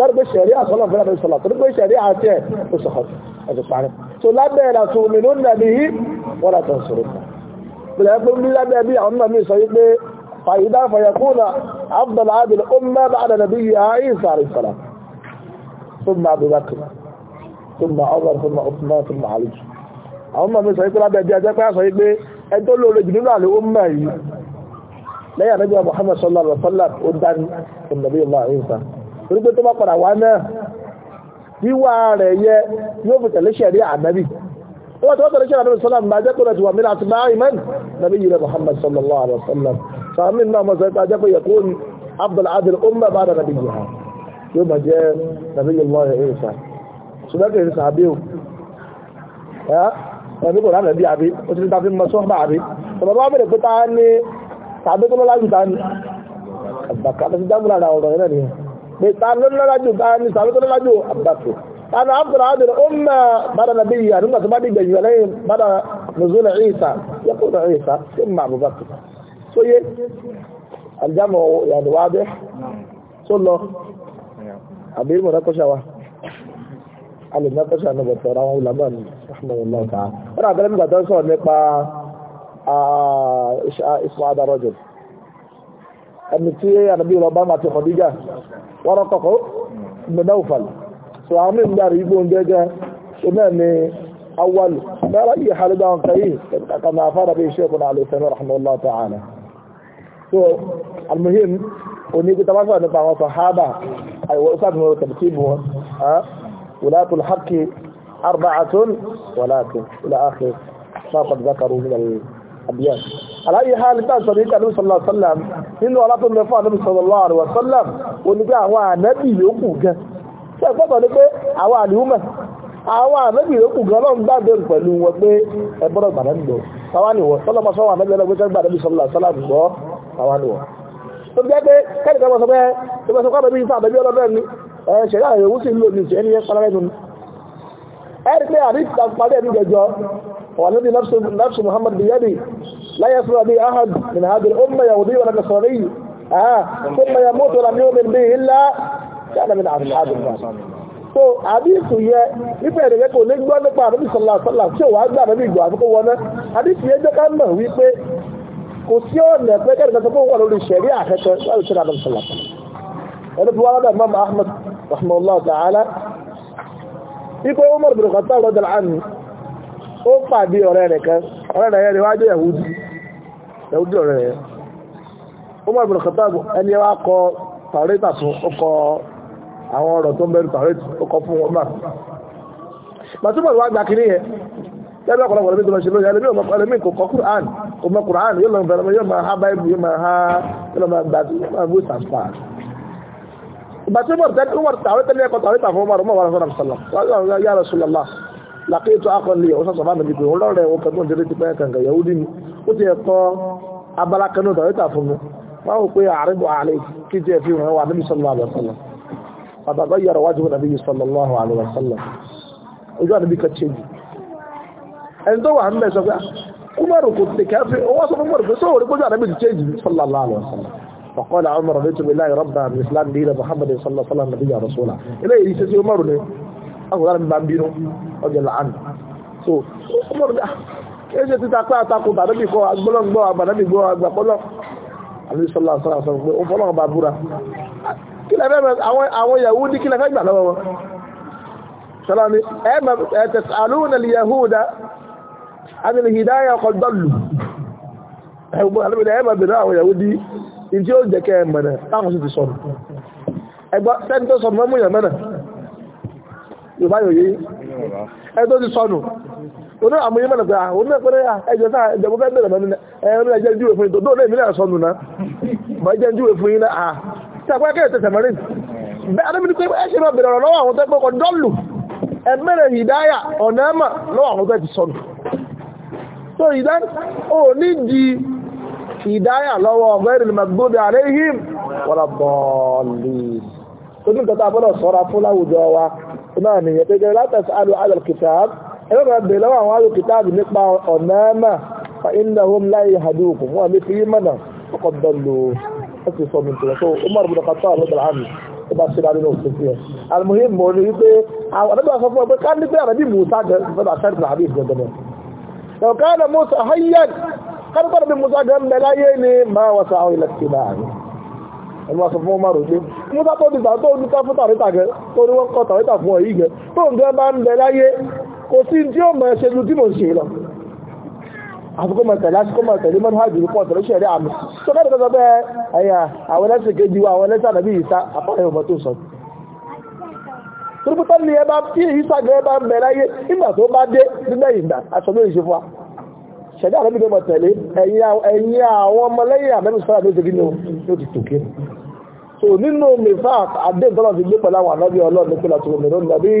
Speaker 2: ضرب الشريعة صلى الله عليه وسلم ضرب الشريعة تين وسخر هذا صحيح سلا بلا تؤمنون به ولا تنصرون بلا يقول لا نبي عمنا من سيد فإذا فيكون أفضل هذه الأمة بعد نبيها عيسى عليه السلام ثم أبو بكر ثم عمر ثم عثمان ثم علي عمنا من سيد لا بيجي أجاك يا سيد أنت قول له لجنون على أمه لا يا نبي محمد صلى الله عليه وسلم ودن النبي الله عيسى torí tó bá padà wá náà wíwá rẹ̀ yẹ yóò fi tẹ̀lé ṣẹ̀rí ànábì wọ́n tó tẹ̀lé ṣẹ̀rí ànábì sọ́lá máa jẹ́ tó rẹ̀ wà mí láti máa ìmọ̀ nàbí yìí rẹ̀ Muhammad sallallahu alaihi wa sallam sàmì náà mọ̀ sọ́yìn pàjẹ́ pé yẹ kó ní abdul adil umma bá da nàbí yìí yóò máa jẹ́ nàbí yìí lọ́yẹ̀ ìrìsà ṣùgbọ́n kì í sàbí o ẹ̀mí kò rán nàbí àbí ó ti ta fi mọ sọ́ọ̀bà àbí ọ̀bà bá bẹ̀rẹ̀ pé ta ni tàbí tó lọ́lá jù ta ni àgbàkà lọ́sí dágbùlà ọ̀rọ̀ yẹn náà nìyẹn pé ta ló lọ́lájú ta ní sàbí tó lọ́lájú àbàtò tani abdul abdul umma bada nabi yi anuma tó bá di gbẹ̀yìn wà lẹ́yìn bada nuzul isa ya kó da isa tó ma abubakar so ye aljamu yani wade so lọ àbí mo rẹ kọsà wa alẹ́ náà kọsà náà bọ̀tọ̀ ra wọn wùlámọ́ ni rahmanulah ta'ala wọn àgbẹ̀rẹ̀ mi gbàdọ́ sọ̀rọ̀ nípa ìṣọ́ adarọ́jọ́ ẹni tí ànàbí ìlọ́bá àti Khadija wọ́n rọ́kọ̀kọ́ mẹ́dáwùfàl so àwọn mí gbára igbó ń gẹ́gẹ́ iná ni awal lára yìí halibu àwọn kayi kàkàmà afára bí iṣẹ́ ìbùnà alẹ́sẹ̀mí rahmanullah ta'ala so almuhim òní kí tabasa nípa àwọn sahaba àìwọ̀ ìsàtúnmọ̀ tàbíkìbù wọn wùlátùl haqqi arba'atun wàlátùn ila akhir ما قد ذكروا من àbíyàn aláyé ha ní tàbí sọ̀rọ̀ ìkàlù sallallahu alaihi wasallam nínú alátọ́lẹ̀ fún àdébí sallallahu alaihi wasallam ó ní pé àwọn ànábì yòókù gan ṣe ìfọ́tọ̀ ní pé àwọn àlùmọ̀ àwọn ànábì yòókù gan lọ́n gbàgbé pẹ̀lú wọn pé ẹgbọ́dọ̀ gbàdá ń lọ táwa nìwọ̀ sọlọ́mọ sọ́wọ́ ànábì ẹlẹ́gbẹ́jọ́ gbàdá bí sallallahu alaihi wasallam gbọ́ táwa nìwọ̀ tó jẹ́ pé kẹ́nìkan mọ̀ sọ pé tó bẹ́ sọ pé ìfà àbẹ́bí ọlọ́dọ́ ni ṣẹ̀dá ìyẹ̀wò sí lò ní ṣe ẹni yẹn pàdánù ẹni pé àrí ìtàkùn pàdé ẹni jẹjọ والذي نفس نفس محمد بيده لا يسمع به أحد من هذه الأمة يهودي ولا نصراني آه
Speaker 3: ثم يموت ولم يؤمن
Speaker 2: به إلا كان من أصحاب النار so àdìsù yẹ nípa ẹ̀rẹ̀ kò lè gbọ́ nípa àrẹ́bí sọ̀làsọ́là tí ó wà gbà àrẹ́bí ìgbà àfikún wọn náà àdìsù yẹ jẹ́ ká mọ̀ wípé kò sí ọ̀nà pé kẹ́rì kan tó kó wà lórí ìṣẹ̀rí àkẹ́kẹ́ láti ṣe àrẹ́bí sọ̀là ẹni tó wà lọ́dọ̀ Imam Ahmad rahmanullah ta'ala ikú Umar bin Khattab radal anhu ó pàdé ọ̀rẹ́ rẹ̀ kan ọ̀rẹ́ rẹ̀ rẹ̀ wájú yahudi yahudi ọ̀rẹ́ rẹ̀ Umar bin Khattab ẹni wá kọ tàwọ́rẹ́tà fún ọkọ̀ àwọn ọ̀rọ̀ tó ń bẹ̀rù tàwọ́rẹ́tà ọkọ̀ fún wọn náà màtúmọ̀ wá gba kiri yẹn lẹ́bẹ̀ ọ̀pọ̀lọpọ̀ lẹ́bí tó máa ṣe lóyún ẹlẹ́mí kò kọ́ làkètò akọni ọ̀sán sọ̀bá mi dìbò ọlọ́rẹ̀ wọn kẹ́gbọ́n jẹ́rẹ́ ti pẹ́ kàǹkà yẹ̀wò dì mí ó ti ẹ̀kọ́ abala kanú tàwẹ́tà fún mi wọ́n wò pé ààrẹ bọ̀ àlẹ́ kí jẹ́ fi hàn wà níbi sọ́lọ́ àlọ́ sọ́lọ́ bàbá yàrá wájú nàbí sọ́lọ́lọ́hùn àlọ́ sọ́lọ́ ojú àdébí kan ṣe jù ẹni tó wà ń bẹ̀ sọ pé kúmọ̀rù kò tẹ̀kẹ́ fi wọ́n sọ fún mọ̀rù pé sọ́wọ́rẹ́ gbọ́dọ̀ àdébí ti ṣe jù sọ́lọ́lọ́ àlọ́ sọ́lọ́ فقال عمر رضيت بالله ربا بالاسلام دين محمد صلى الله عليه وسلم نبيا رسولا الى يسي عمر àkùnrin àmì bá ń ọjọ́ làánù so ó mọ̀ nígbà kí ẹ ṣe títa pé àtakò bàdàbí kọ́ agbọ́lọ́gbọ́ àbàdàbí gbọ́ àgbàpọ́lọ́ àmì sọ́lá sọ́lá sọ pé ó fọ́lọ́ bá búra kí lẹ fẹ́ àwọn Yahudi kí lẹ fẹ́ gbà lọ́wọ́ wọn sọ́lá ni ẹ tẹ̀sí àlùhùn ẹ̀lì Yahuda àti ìhìdáyà ọkọ̀ dọ́lù ẹgbọ́n alẹ́bẹ̀rẹ̀ ẹ̀mà bèèrè àwọn Yahudi ìdí ó jẹ́ kẹ́ yorùbá yòye ẹ tó ti sọnù oní àmúyí mọ̀nà pé àwọn ah, oní ẹ̀pẹ́rẹ́ ah, ẹjọ́ sáà ìjọba fẹ́ bẹ̀rẹ̀ mọ́ni ẹ̀rọ ẹjẹ́ júwe fún yín tó dóòlé ìmílẹ̀ sọnù náà bọ́ ẹjẹ́ júwe fún yín náà à ah, tí a pẹ́ kẹ́ tẹ̀sẹ̀ mẹ́rin bẹ́ẹ̀ adébí ni pé ẹ ṣe máa bèrè ọ̀rọ̀ lọ́wọ́ àwọn tó pẹ́ kọ́ dọ́ọ̀lù ẹ̀mẹ́rẹ̀ hìdáyà ọ̀nà ẹ̀mà lọ́wọ́ àwọn tó ti sọnù so ìdán ò ní di hìdáyà lọ́wọ́ ọ̀gbẹ́rin magbobi àléhìm wọ́n lọ bọ́ọ̀lì tó ní nǹkan tó a gbọ́dọ̀ sọ́ra fún láwùjọ wa náà nìyẹn tó jẹ́ látàsí àlù alàlùkìtàb ẹgbẹ́ kan bèèrè lọ́wọ́ àwọn alùkìtàb nípa ọ̀nà ẹ̀mà fa iná hom láyé hadúkù wọn ní fi mọ̀nà ọkọ̀ dọ̀lù ẹ̀sìn sọmi tó so umar bin khattab ló dàrá mi ó bá ṣe dáadé náà sí sí ẹ alimuhim mo ní wípé àwọn ọ̀nà sọ fún ẹ̀mọ́ sọ fún márùn pé mú sá tó ti sà tó ní ká fún tàrítà gẹ tó ní wọ́n kọ tàrítà fún ọ̀yí gẹ tó ń gẹ́ bá ń bẹ láyé kò sí tí ó mọ̀ ẹ́ ṣe ju tí mò ń ṣe lọ àfikún mọ̀ tẹ̀lé àsìkò mọ̀ tẹ̀lé mọ́nú hajj pọ̀ tẹ̀lé ṣẹ̀rí àmì tó bẹ́ẹ̀ tọ́jọ́ bẹ́ẹ̀ ẹ̀yà àwọn ẹlẹ́sìn kejì wa àwọn ẹlẹ́sìn àdàbí ìsá apáyọ̀ ọmọ tó sọ turukuta ni ẹ bá tí ìsá gẹ́gẹ́ bá ń bẹ láyé nígbà tó bá ṣẹ̀dá àdàbí tó mọ̀ tẹ̀lé ẹ̀yìn àwọn ọmọlẹ́yìn àmẹ́bí sọ́ra ló ti tòkè so nínú mifat adéǹtọ́lọ́ ti gbé pẹ̀lú àwọn ànábì ọlọ́run nípìnlẹ̀ tó omi lónìí nàbí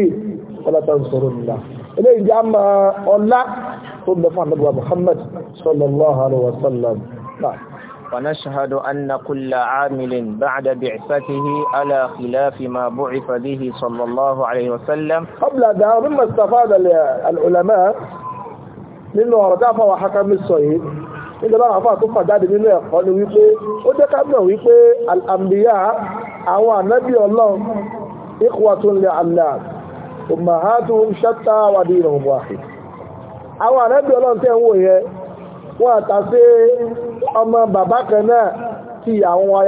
Speaker 2: ọlọ́tà ń sọ̀rọ̀ nìlá eléyìí jẹ́ àmà ọlá tó lọ fún ànábì Muhammad sallallahu alaihi wa sallam náà.
Speaker 1: ونشهد أن كل عامل بعد
Speaker 2: nígbà àwọn afáà tó fà jáde nínú ẹ̀kọ́ ni wípé ó jẹ́ ká mọ̀ wípé al-anbiya àwọn ànábì ọlọ́run ikhwatun li Allah ummahatuhum shatta wa dinuhum wahid àwọn ànábì ọlọ́run tẹ́ ń wò yẹn wọ́n àtà sí ọmọ bàbá kan náà tí àwọn wọn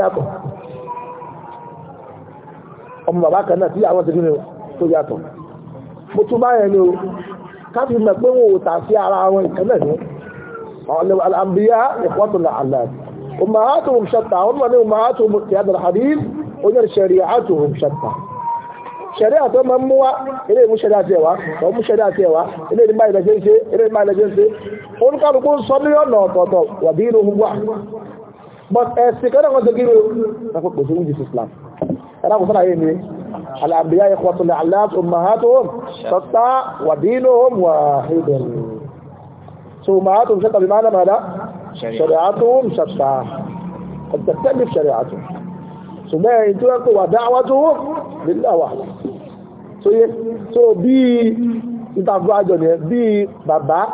Speaker 2: ọmọ bàbá kan náà tí àwọn ti tó yàtọ̀ mo tún bá ni o ká fi mọ̀ pé wọn ò tà sí ara wọn ìkan náà الأنبياء إخوة العلام أمهاتهم شتى هم من أمهاتهم في هذا الحديث وجد شريعتهم شتى ṣẹ̀ríà tó máa ń mú wá ilé ìmú ṣẹ̀ríà tiẹ̀ wá tó mú ṣẹ̀ríà tiẹ̀ wá ilé ìdí báyìí lẹ́jẹ́ ń ṣe ilé ìdí báyìí lẹ́jẹ́ ń ṣe oníkàlùkù ń sọ ní ọ̀nà ọ̀tọ̀ọ̀tọ̀ wà bí irun wà but ẹ̀sìn kẹ́rẹ́ kan ṣe kíni o kò pèsè oúnjẹ sí Islam ẹ̀rọ kò sára yé mi alàbíyá ẹ̀kọ́ tó lè aláàtò mahatohom sọ́tà wà bí irun wà hídẹ̀rù so أمهاتهم شتى بمعنى ماذا؟ شريعتهم شتى قد تختلف شريعتهم so ما ينتهك ودعوتهم لله وحده so yẹ so bí ìtàkùn àjọ nìyẹn bí bàbá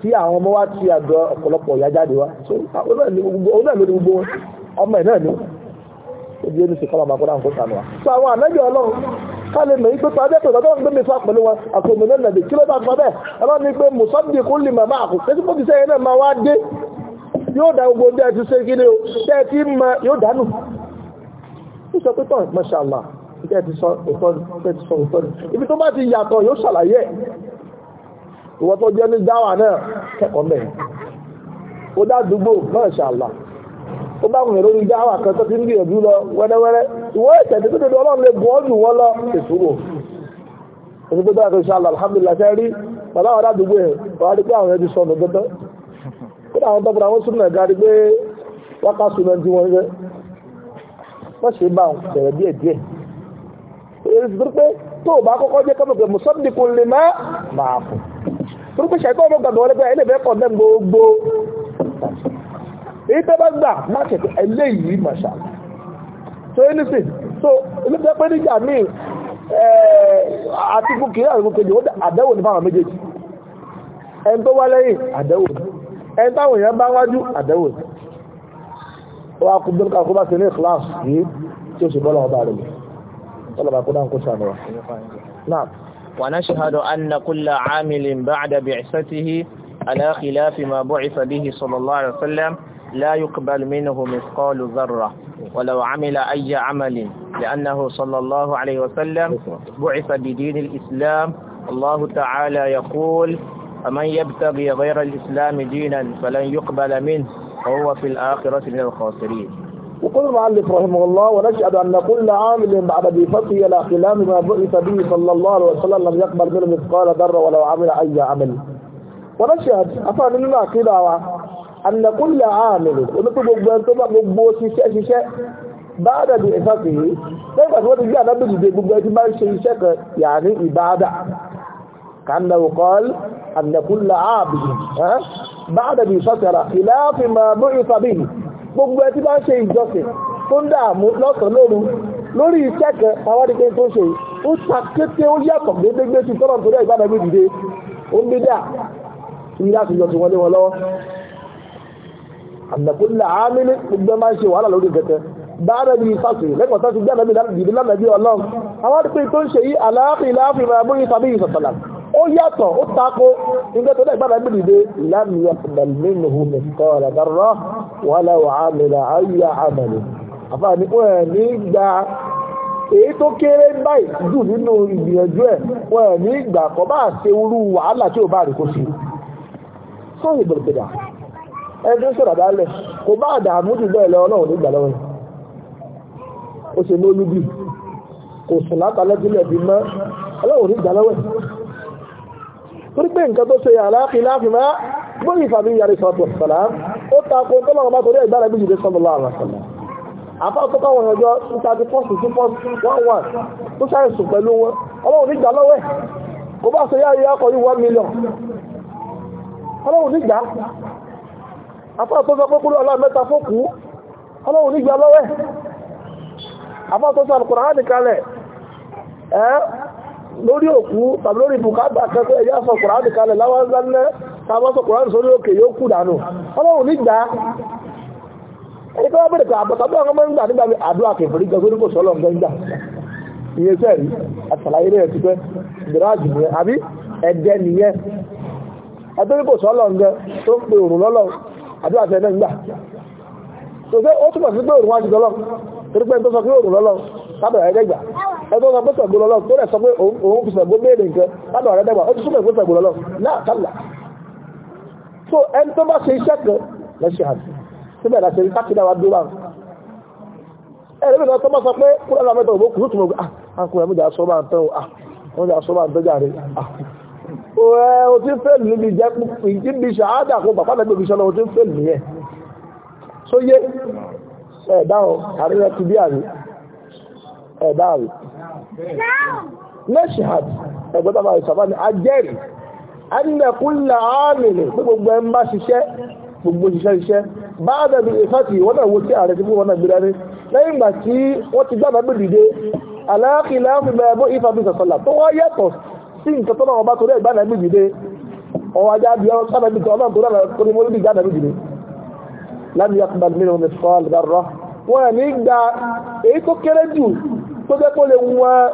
Speaker 2: tí àwọn ọmọ wa ti àjọ ọ̀pọ̀lọpọ̀ ìyá jáde wa so òun náà ló ní gbogbo wọn ọmọ ẹ̀ náà ni ó di ẹni sì kọ́ bàbá kó dáhùn kó sànù wa so àwọn ànájọ ọlọ́run kálẹ̀ mẹ́ ipé tó adẹ́pẹ̀ tó ń gbẹ́mí fún àpẹẹrẹ wọn àtòmìnà nàbì kí ló bá fọ́ bẹ́ẹ̀ ọlọ́run ní pé mùsọ́dì kò lè màmá àkù pé sípò kìsẹ́ yẹn náà máa wá dé yóò dá gbogbo dẹ́ ti ṣe kí ni o dẹ́ ti mọ yóò dánù. ó sọ pé tán masha Allah dẹ́ ti sọ òtọ́ ni dẹ́ ibi tó bá ti yàtọ̀ yóò ṣàlàyé ìwọ tó jẹ́ ní dáwà náà kẹ́kọ̀ọ́ mẹ́ ó dá àdúgbò masha ó bá wùn èrò ní dáwà kan tó ti ń gbìyànjú lọ wẹ́rẹ́wẹ́rẹ́ ìwọ ẹ̀sẹ̀ tí tóbi ọlọ́run lè bọ́ jù wọ́n lọ ìṣúrò èyí tó dára ṣe alhamdulillah ṣe rí bàbá àwọn àdúgbò ẹ̀ wọ́n á rí pé àwọn ẹbí sọnù gbọ́dọ̀ kí ni àwọn tọ́pọ̀ àwọn súnmọ̀ ẹ̀gá rí pé wọ́n ká súnmọ̀ tí wọ́n rẹ̀ wọ́n ṣe bá máa fò tó pé so anything so olùdókòwò pé nígbà míì eh, àti gòkè àgbòkèjì ó àdẹ́wò ní fáwọn méjèèjì ẹni tó wá lẹ́yìn àdẹ́wò ẹni táwọn èèyàn bá wájú àdẹ́wò wọ́n kú bí ká kó bá ti ní ìkíláàsì yìí tí ó sì bọ́ lọ́wọ́ bá rẹ̀ lọ́wọ́ kó dáhùn kó sànù wa.
Speaker 1: náà. ونشهد أن كل عامل بعد بعثته على خلاف ما بعث به صلى الله عليه وسلم لا يقبل منه مثقال ذرة ولو عمل أي عمل لأنه صلى الله عليه وسلم بعث بدين الإسلام الله تعالى يقول فمن يبتغي غير الإسلام دينا فلن يقبل منه وهو في الآخرة من الخاسرين وقل
Speaker 2: المؤلف رحمه الله ونشهد أن كل عامل بعد بفتحه إلى خلاف ما بعث به صلى الله عليه وسلم لم يقبل منه مثقال ذرة ولو عمل أي عمل ونشهد أفعل لنا كده ànàkúnlẹ̀ àmìlì onípò gbogbo ẹni tó bá gbogbo ṣiṣẹ́ ṣiṣẹ́ báadà bí ìfàkì yìí lẹ́yìn pàṣẹ wọ́n ti gbé ànábì dìde gbogbo ẹni tí bá ń ṣe iṣẹ́ kan yà ní ìbáadà kàndà òkọ́l ànàkúnlẹ̀ àmìlì báadà bí ìfàkì ara ìlàáfin máa mú ìfàbí gbogbo ẹni tí bá ń ṣe ìjọsìn tó ń dààmú lọ́sàn-án lóru lórí iṣẹ́ kan àwọn adìgbé tó ṣe ó takété ó yàtọ̀ gbégbégbé sí tọ́lọ̀ torí ìbánabí dìde ó ń bí dà ìyá àtijọ́ ti wọlé wọn lọ́wọ́ àdàkúnlẹ̀ àmìlì gbogbo máa ń ṣe wàhálà lórí gẹ̀tẹ̀ bára bí sáfì lẹ́kọ̀ọ́ sáfì bí ànàbí ìdílé ànàbí ọlọ́run àwọn àdúgbò tó ń ṣe yí àlàáfì láàfin máa mú ìsàbí ìsọ̀tọ̀là ó yàtọ̀ ó tako nígbà tó dẹ̀gbà ànàbí ìdílé lámì yàtọ̀lẹ̀ nínú hùmí kọ́ra dárọ́ wàhálà wàhálà ayé àmàlì àfààní ó ẹ̀ ní gba èyí tó kéré báyìí jù nínú ìgbìyànjú ẹ̀ wọ́n ẹ̀ ní ìgbà kọ́ bá ṣe irú wàhálà tí ò bá rí kó ṣe sọ́yìn bẹ̀rẹ̀ ẹdún sọ̀rọ̀ dálẹ̀ kò bá àdààmú jù bẹ́ẹ̀ lọ ọlọ́run nígbà lọ́wọ́ ó ṣe mólúdì kò sùn látàlẹ́bílẹ̀ bí mọ́ ọlọ́run nígbà lọ́wọ́ torí pé nǹkan tó ṣe àlàáfi ta ko tọ́lọ́run bá torí ẹ̀gbára bí jùlọ sọ́lọ́lá àwọn sọ̀lá àfáà tó káwọn ọjọ́ ìtàdí pọ́ọ̀sì sí pọ́ọ̀sì one one tó ṣàìsùn pẹ̀lú wọn ọlọ́run nígbà lọ́wọ́ kò bá ṣe yára yá kọ́ yí one million ọlọ́run nígbà afọ́tọ́sọ pẹ́kúrú ọlọ́mẹ́ta fókú ọlọ́run nígbà lọ́wẹ́ afọ́tọ́sọ alkùnrin kalẹ̀ ẹ́ lórí òkú tàbí lórí bukata kẹsẹ̀ ẹ̀yà sọ kùnrin kalẹ̀ láwọ́zánlẹ́ tàbọ́sọ kùnrin sórí òkè yóò dànù ọlọ́run nígbà bẹ̀rẹ̀ ọmọ nígbà àdúrà tẹ̀ náà ń gbà tó fẹ́ ó túnbọ̀ sí pé òrùn wájú lọ́lọ́ torí pé tó sọ pé òrùn lọ́lọ́ lábẹ̀rẹ̀ ẹ̀ẹ́dẹ́gbà ẹgbẹ́ sọ pé sẹ̀gbó lọ́lọ́ tó rẹ̀ sọ pé òun fi sẹ̀gbó béèrè nǹkan lábẹ̀rẹ̀ ẹ̀ẹ́dẹ́gbà ó ti súnmọ̀ pé sẹ̀gbó lọ́lọ́ náà kálà so ẹni tó bá ṣe iṣẹ́ kan lẹ́ṣẹ̀ àti síbẹ̀ láti rí káàkiri àwọn adúlá ẹ̀rẹ́ mi lọ tó bá sọ pé kúrò o ti fẹ́lù níbi jẹ́ ìdíbi ṣàádà kó bàbá bẹ̀gbẹ̀ fi ṣọ́lọ́ o ti fẹ́lù ní ẹ̀ só yé ẹ̀dáhùn àríwẹ̀ ti bí àrí ẹ̀dáhùn mẹ́ṣíhàd ẹgbẹ́ta bá ìṣàbá ni ajẹ́rì anẹ́kúnlẹ̀ ààmìnì pé gbogbo ẹ̀ ń bá ṣiṣẹ́ gbogbo ṣiṣẹ́ ṣiṣẹ́ bá dẹ̀bi ìfẹ́tì wọ́n náà sí nǹkan tó náà ọba torí ẹ̀gbá náà dé ọwọ́ ajá bí ọ sábà bí ọlọ́run tó náà torí mo níbi ìjà náà láti yàtọ̀ bá sọ wọn ní gba èyí tó kéré jù tó jẹ́ kó lè wọn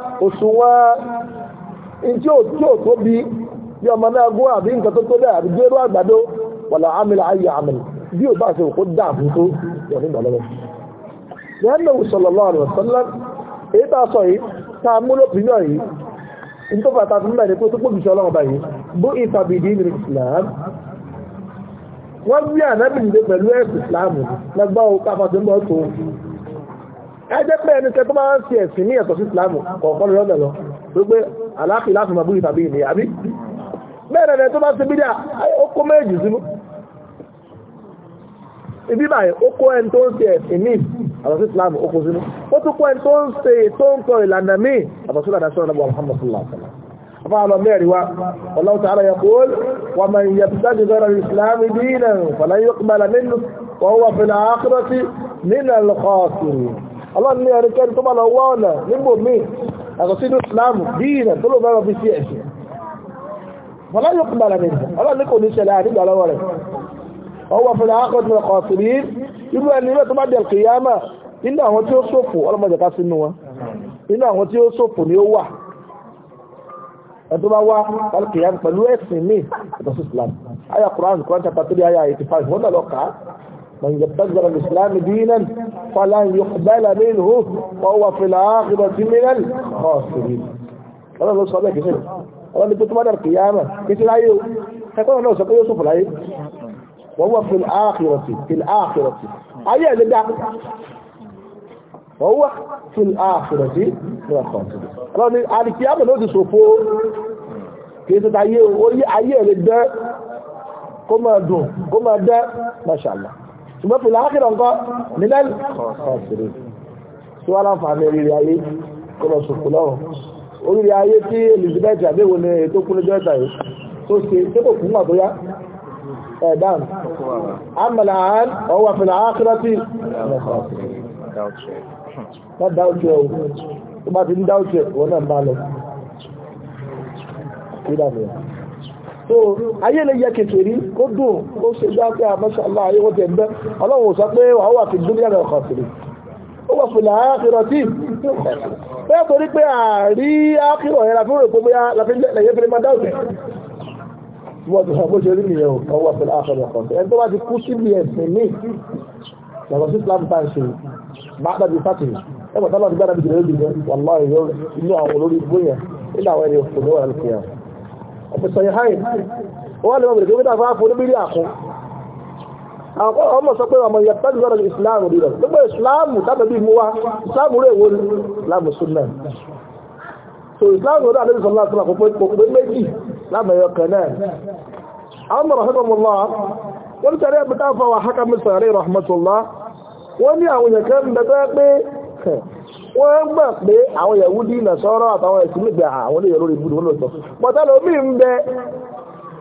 Speaker 2: tí ó tó bí bí ọmọ náà gún àbí nǹkan tó tó àbí gbérú àgbàdo ayé bí ó bá ṣe kó a sọ yìí tá a ibi tó fàtà fún bẹ̀rẹ̀ pé tó pọ̀ jùsọ ọlọ́run báyìí bó ìfàbìdì ìlú islam wọ́n bí ànábì nílé pẹ̀lú ẹ̀sìn islam lọ́gbà òkú àfàtì ń bọ̀ tó ẹ jẹ́ pé ẹni tó máa ń fi ẹ̀sìn ní ẹ̀tọ́ sí islam kọ̀ọ̀kan lọ́dọ̀ lọ tó pé aláàfin láti máa bú ìfàbìdì ní àbí bẹ́ẹ̀ rẹ̀ tó bá ti bídà ó kó méjì sínú ibi báyìí ó kó ẹni tó ń fi ẹ̀sìn míì àwọn sí islam ó kó sínú ó tún pẹ́ tó ń ṣe tó ń tọ ìlànà míì àbọ̀sílẹ̀ àdáṣọ́ ọ̀nà muhammad sallallahu alaihi wasallam afa alọ mẹ́rin wa wallahu ta'ala yaqul wa man yabtaghi ghayra al-islam dinan falan yuqbala minhu wa huwa fil akhirati min al-khasirin ọlọ́run ní ẹnikẹ́ni tó bá lọ wá ọ̀nà islam dinan tó ló bá lọ fi sí ẹ̀sìn falan yuqbala minhu ọlọ́run ní kò ní ṣẹlẹ̀ àdígbà lọ́wọ́ rẹ̀ wa huwa fil min al irú ẹni ilé tó bá dẹ̀ kìyàmà nínú àwọn tí ó ṣòfò ọlọ́mọdé ká sínú wọn nínú àwọn tí ó ṣòfò ni ó wà ẹ̀tọ́ bá wá alkiyam pẹ̀lú ẹ̀sìn ní ìtọ́sí islam aya quran quran chapter three aya eighty five wọ́n lọ kà á man yabtaghi al-islam dinan falan yuqbala minhu wa huwa fil akhirati minal khasirin ọlọ́run ló sọ bẹ́ẹ̀ kìí ṣe ọlọ́run ní pé tó bá dàrú kìyàmà kìí ṣe láyé o ẹ̀kọ́ wọ́n wọ́n fi àkìrọ̀tì fi àkìrọ̀tì ayé ẹ̀lẹ́ dá wọ́n wọ́n fi àkìrọ̀tì rẹ̀kọ̀tì ọlọ́run ni àdìkí àmọ̀ ló ti ṣòfò kìí ṣe ayé orí ayé ẹ̀lẹ́ dẹ́ kó máa dùn kó máa dẹ́ mọ́ṣàlá ṣùgbọ́n fi àkìrọ̀ nǹkan nílẹ̀ kọ̀ọ̀sìrì tí wọ́n láǹfààní oríire ayé kó lọ ṣòfò lọ́rùn oríire ayé tí Elizabeth àbẹ́wò ni ètò kúnlẹ́jọ́ ẹ̀ta اعدام أما الآن هو في الآخرة ما داوتش ما في داوتش وانا باله كده so ayé lè yẹ kèfèrí kó dùn kó ṣe dá pé àmọ́ṣàlá ah, ayé wọ́n tẹ̀ ń bẹ́ ọlọ́run sọ pé wà wà fi dúnlẹ̀ rẹ̀ kọ̀ sílẹ̀ ó wà fìlà ákìrọ̀ tí bẹ́ẹ̀ torí pé àrí ákìrọ̀ yẹn wọ́n ti sàn bó ṣe rí nìyẹn o ọwọ́ pẹ̀lú àṣọ̀rọ̀ ọ̀kọ̀ọ̀kọ̀ ẹni tó bá ti kú síbi ẹ̀sìn ní yàtọ̀ sí islam tá ń ṣe bá dábì fàtì ẹgbẹ̀ tó bá ti gbára bìtì lórí ìgbẹ́ wàlá ìyọ inú àwọn olórí igbó yẹn nínú àwọn ẹni òfin lọ́wọ́ ẹni kìíyàn ọ̀pẹ̀ sọ̀yìn háì wọ́n lè mọ̀ bèrè kí wọ́n fún níbi àkún àwọn ọmọ sọ pé ọmọ yẹn pẹ́lú lọ́rọ̀ islam rí rẹ̀ gbogbo islam tábẹ́bí mú wa islam rẹ̀ wo ni islam sunna so islam rẹ̀ àdébìsọ̀ náà sọ lámàáyọ kan náà àwọn rahimahullah wọ́n ní tàrí ẹ̀bùtá fún àwọn haka mùsàrí rahmatullah wọ́n ní àwọn èèyàn kan bẹ̀tẹ́ pé wọ́n gbà pé àwọn Yahudi Nasara àtàwọn ẹ̀sìn lè gbà àwọn olóyè lórí ibùdó lóòótọ́ pọ̀tẹ́lẹ̀ omi ń bẹ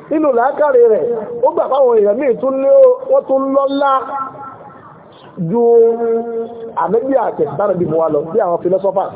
Speaker 2: nínú làákàrí rẹ̀ ó gbà fáwọn èèyàn míì tún lé wọ́n tún lọ́lá ju àmẹ́bí àtẹ̀sítárẹ̀bí mọ́ wa lọ bí àwọn philosophers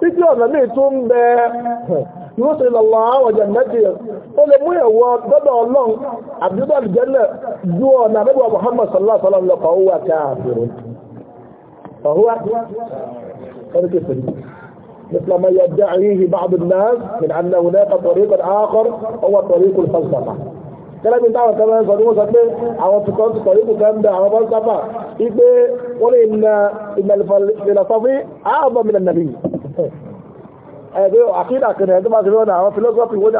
Speaker 2: títí ọ̀nà míì tó bẹ lóṣè lọ́wọ́ àwọn jẹ̀mẹ́tì ó lè mú ẹ̀wọ́ dọ́dọ̀ ọlọ́run àbídọ́ ìjẹ́lẹ̀ ju ọ̀nà àbẹ́gbà Muhammad sallallahu alaihi wasallam lọ́kọ̀ owó àti àbúrò ọ̀húwá ọ̀rẹ́kẹ́ sọ pé àwọn tukọ̀ tukọ̀ yìí kò àwọn bá ń sábà wọ́n lè ìmẹ̀lẹ̀fọ́fí ààbọ̀ nàbí Ebe àkídà kan ẹ̀ tó bá ti rí ọ̀nà àwọn philosophy wọ́n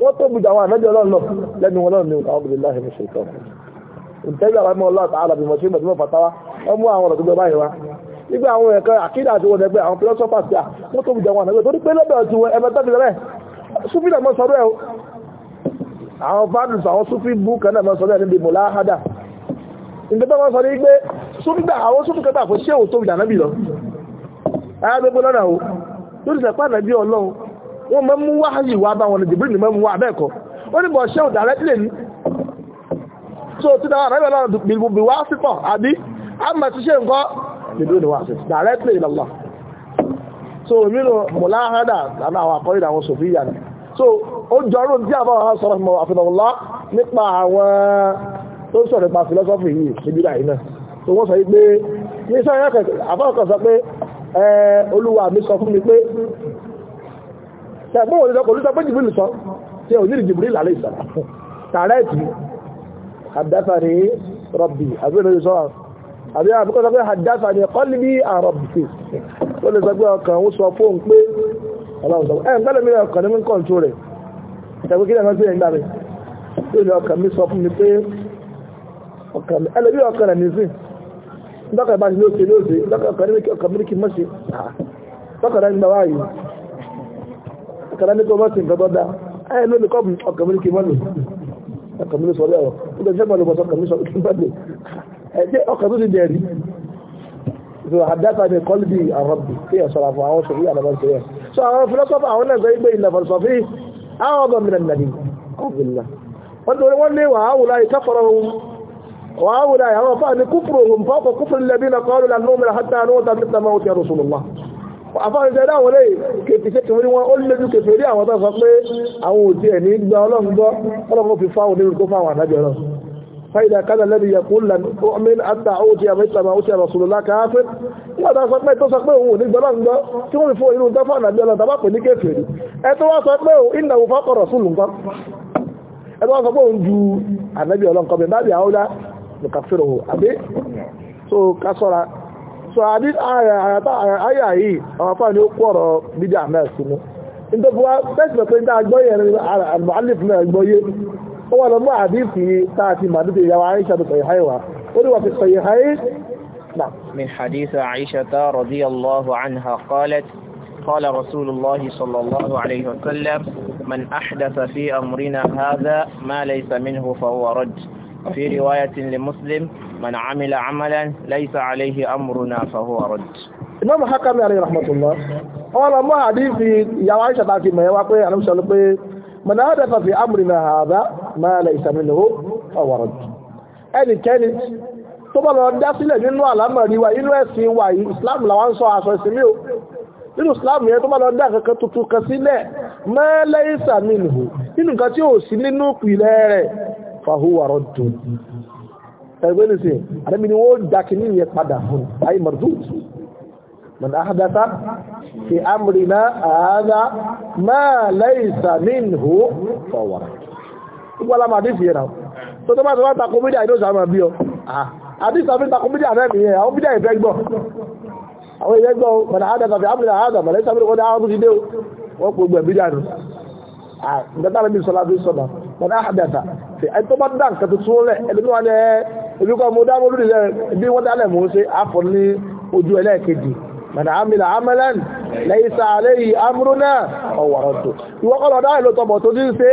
Speaker 2: wọ́n tó gbùjà àwọn àmẹ́jọ ọlọ́run lẹ́nu ọlọ́run ní ọ̀hún bí láhìí ṣe ìtẹ́jú àwọn ọmọ ọlọ́run tààlà bí mo ṣe mọ̀tí mọ̀ fàtàwá wọ́n àwọn ọ̀rọ̀ tó gbẹ báyìí wá nígbà àwọn ẹ̀kọ́ àkídà àwọn wọ́n tó àwọn àmẹ́jọ agbègbè ah, lọ́nà o lórí ìsẹ̀pá nàbí ọlọ́run wọ́n mọ́ mú wáhàyì wá bá wọn ní jìbìrì ní mọ́ mú wá abẹ́ẹ̀kọ́ ó ní bọ̀ ṣé dàrẹ́tìlẹ̀ ní so tí dáwà nàbí ọlọ́run bí wá sípọ̀ àbí a nǹkan jìbìrì ní sí dàrẹ́tìlẹ̀ ìlọ́lá so nínú mọ̀láhádà àwọn àkọ́rí so ó jọrún tí àbá olúwa mi sọ fún mi pé ṣẹ̀gbọ́n olùsọ olùsọ pé jìbìrì sọ tí ò ní jìbìrì lálẹ́ ìsọ̀rọ̀ tààrà ẹ̀tì àdáfà ní rọ̀bì àbí olùsọ àbí àbúkọ́ sọ pé àdáfà ní kọ́lì bí àrọ̀bì olùsọ pé ọkàn ó sọ fóun pé ọlọ́run sọ ẹ̀ ń gbọ́dọ̀ mi ọkàn ní mú kọ́ńtó rẹ̀ ìtàgbé kí lẹ́nu sí ẹ̀yìn dàbẹ̀ ọkàn mi sọ fún mi pé ọkàn mi ẹlẹ́bí ọkàn rẹ̀ nìsín dọ́kà bá ti lóòsè lóòsè dọ́kà kàmíríkì mọ́ṣe dọ́kà rẹ̀ ń gbà wáyé kàrà ní kọ́ mọ́ṣe nǹkan bọ́dá ẹ̀ lónìí kọ́ ọkàmíríkì mọ́lò ọkàmíríkì sọ lẹ́wọ̀ nígbà tí sẹ́gbà ló bọ́ sọkàmíríkì sọ mọ́lò ẹ̀jẹ̀ ọkà tó ti dẹ̀rí so àdáta ni kọ́lbì àrọ́bì kí ẹ̀ sọ̀rọ̀ àwọn sọ̀rọ̀ yìí àdàbà sọ̀rọ̀ so àwọn filosofa àwọn náà sọ pé ilẹ̀ fọlọsọfí àwọn ọmọ mìíràn وهؤلاء هم فأن كفرهم فوق كفر الذين قالوا لن نؤمن حتى نؤتى مثل موت يا رسول الله àfáàrí ṣe dáwọn lè kèfì ṣe kèfì wọn ó lè ju kèfì rí àwọn tó sọ pé àwọn òtí ẹ̀ ní gba ọlọ́run gbọ́ ọlọ́run fi fáwọn onírúurú tó fáwọn àdájọ́ náà fáìdà kádà lẹ́bi yẹ̀kú lẹ́nu àtà òtí àmì ìtàmà òtí àmà sùlù lákàáfẹ́ nígbà tó sọ pé tó sọ pé òun ò ní gba ọlọ́run gbọ́ tí wọ́n fi fún irú tó fáwọn àdájọ́ náà tàbá pè ní kèfì rí ẹ tó wá sọ pé òun ìnáwó fọ́kọ̀rọ̀ sùlù nǹkan ẹ tó wá sọ pé òun ju àdájọ́ ọlọ́run kọ́ نكفره أبي سو كسرة سو هذه آية، آية، آية يعني
Speaker 1: نعم من حديث عائشة رضي الله عنها قالت قال رسول الله صلى الله عليه وسلم من أحدث في أمرنا هذا ما ليس منه فهو رد في رواية لمسلم من عمل عملا ليس عليه أمرنا فهو رد
Speaker 2: Imam Hakami alayhi rahmatullah ọ̀rọ̀ mọ́ àdífi ìyàwó Aisha tàbí mẹ́wàá pé àlùsọ̀lù pé mọ̀nà àdàfà fi amrina hadha ma laysa minhu fahuwa radd ẹnikẹ́ni tó bọ́ lọ dá sílẹ̀ nínú àlámọ̀rí wa inú ẹ̀sìn wa yìí Islam làwọn sọ aṣọ ìsinmi o nínú Islam yẹn tó bọ́ lọ dá kankan tuntun kan sílẹ̀ ma laysa minhu nínú nǹkan tí ò sí nínú ìpìlẹ̀ rẹ̀ fahuwa rọ́dùn ẹgbẹ́ ní sìn àdẹ́mi ni wọ́n dákì ní ìyẹn padà fún ayé mardud man ahdatha fi amrina hadha ma laysa minhu fahuwa gbogbo alamọ àdìsí yẹn náà tó tó bá tó bá takò mídíà yìí ló sàmà bí ọ àdìsí àfi takò mídíà náà nìyẹn àwọn mídíà ìfẹ́ gbọ́ àwọn ìfẹ́ gbọ́ man ahdatha fi amrina hadha ma laysa minhu fahuwa wọ́n gbogbo ẹ̀mídíà nù àgbẹ̀tà lẹ́mi sọ́lá mọ̀dá àdàtà ṣe ẹni tó bá dá nǹkan tuntun lẹ̀ ẹni tó wà ní ẹ ibi kan mo dá mo lórí rẹ bí wọ́n dálẹ̀ mò ń ṣe àfọ̀ ní ojú ẹlẹ́ẹ̀kejì mọ̀dá amílà amẹ́lẹ́n lẹ́yìn sàárẹ̀ yìí amúrú náà ọ̀wọ̀rọ̀ tó ìwọ́n kọ́ lọ́dá ìlú tọmọ̀ tó ti ń ṣe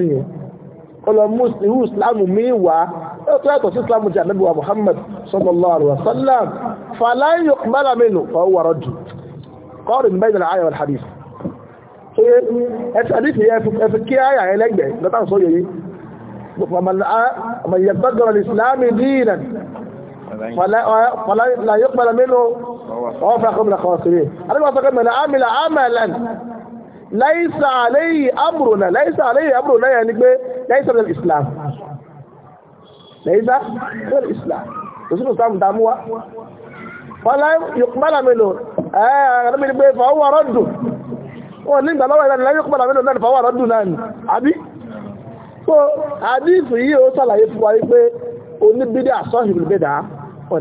Speaker 2: ẹ ń bá ọlọ mùsùlùmí ìsìláàmù mìíwàá ó tó ẹ̀kọ́ sí ìsìláàmù jẹ́ ànábì wa Muhammad sallallahu alaihi wasallam falan yuqbal minhu fahuwa radd qarin bayna al-aya wal hadith ṣe ẹ̀sẹ̀ hadith yẹ fi kí àyà yẹn lẹ́gbẹ̀ẹ́ lọ́tà sọ yẹ yìí man yabtaghi al-islami dinan falan yuqbal minhu fahuwa min al-khasirin láìsà àléyìí amruna láìsà àléyìí amruna yẹn ni pé láìsà àléyìí islam láìsà àléyìí islam kò sínú islam dàmú wa fọlá yòkùnbálà mélòó ẹ̀ẹ́dẹ́ mi ni pé fọwọ́ rọ́dùn wọn ní ìgbà lọ́wọ́ ìlànà yòkùnbálà mélòó náà fọwọ́ rọ́dùn náà ni àbí so àdífù yìí ó sàlàyé fún wa wípé oníbídà sọ́hìbìlì bídà wọn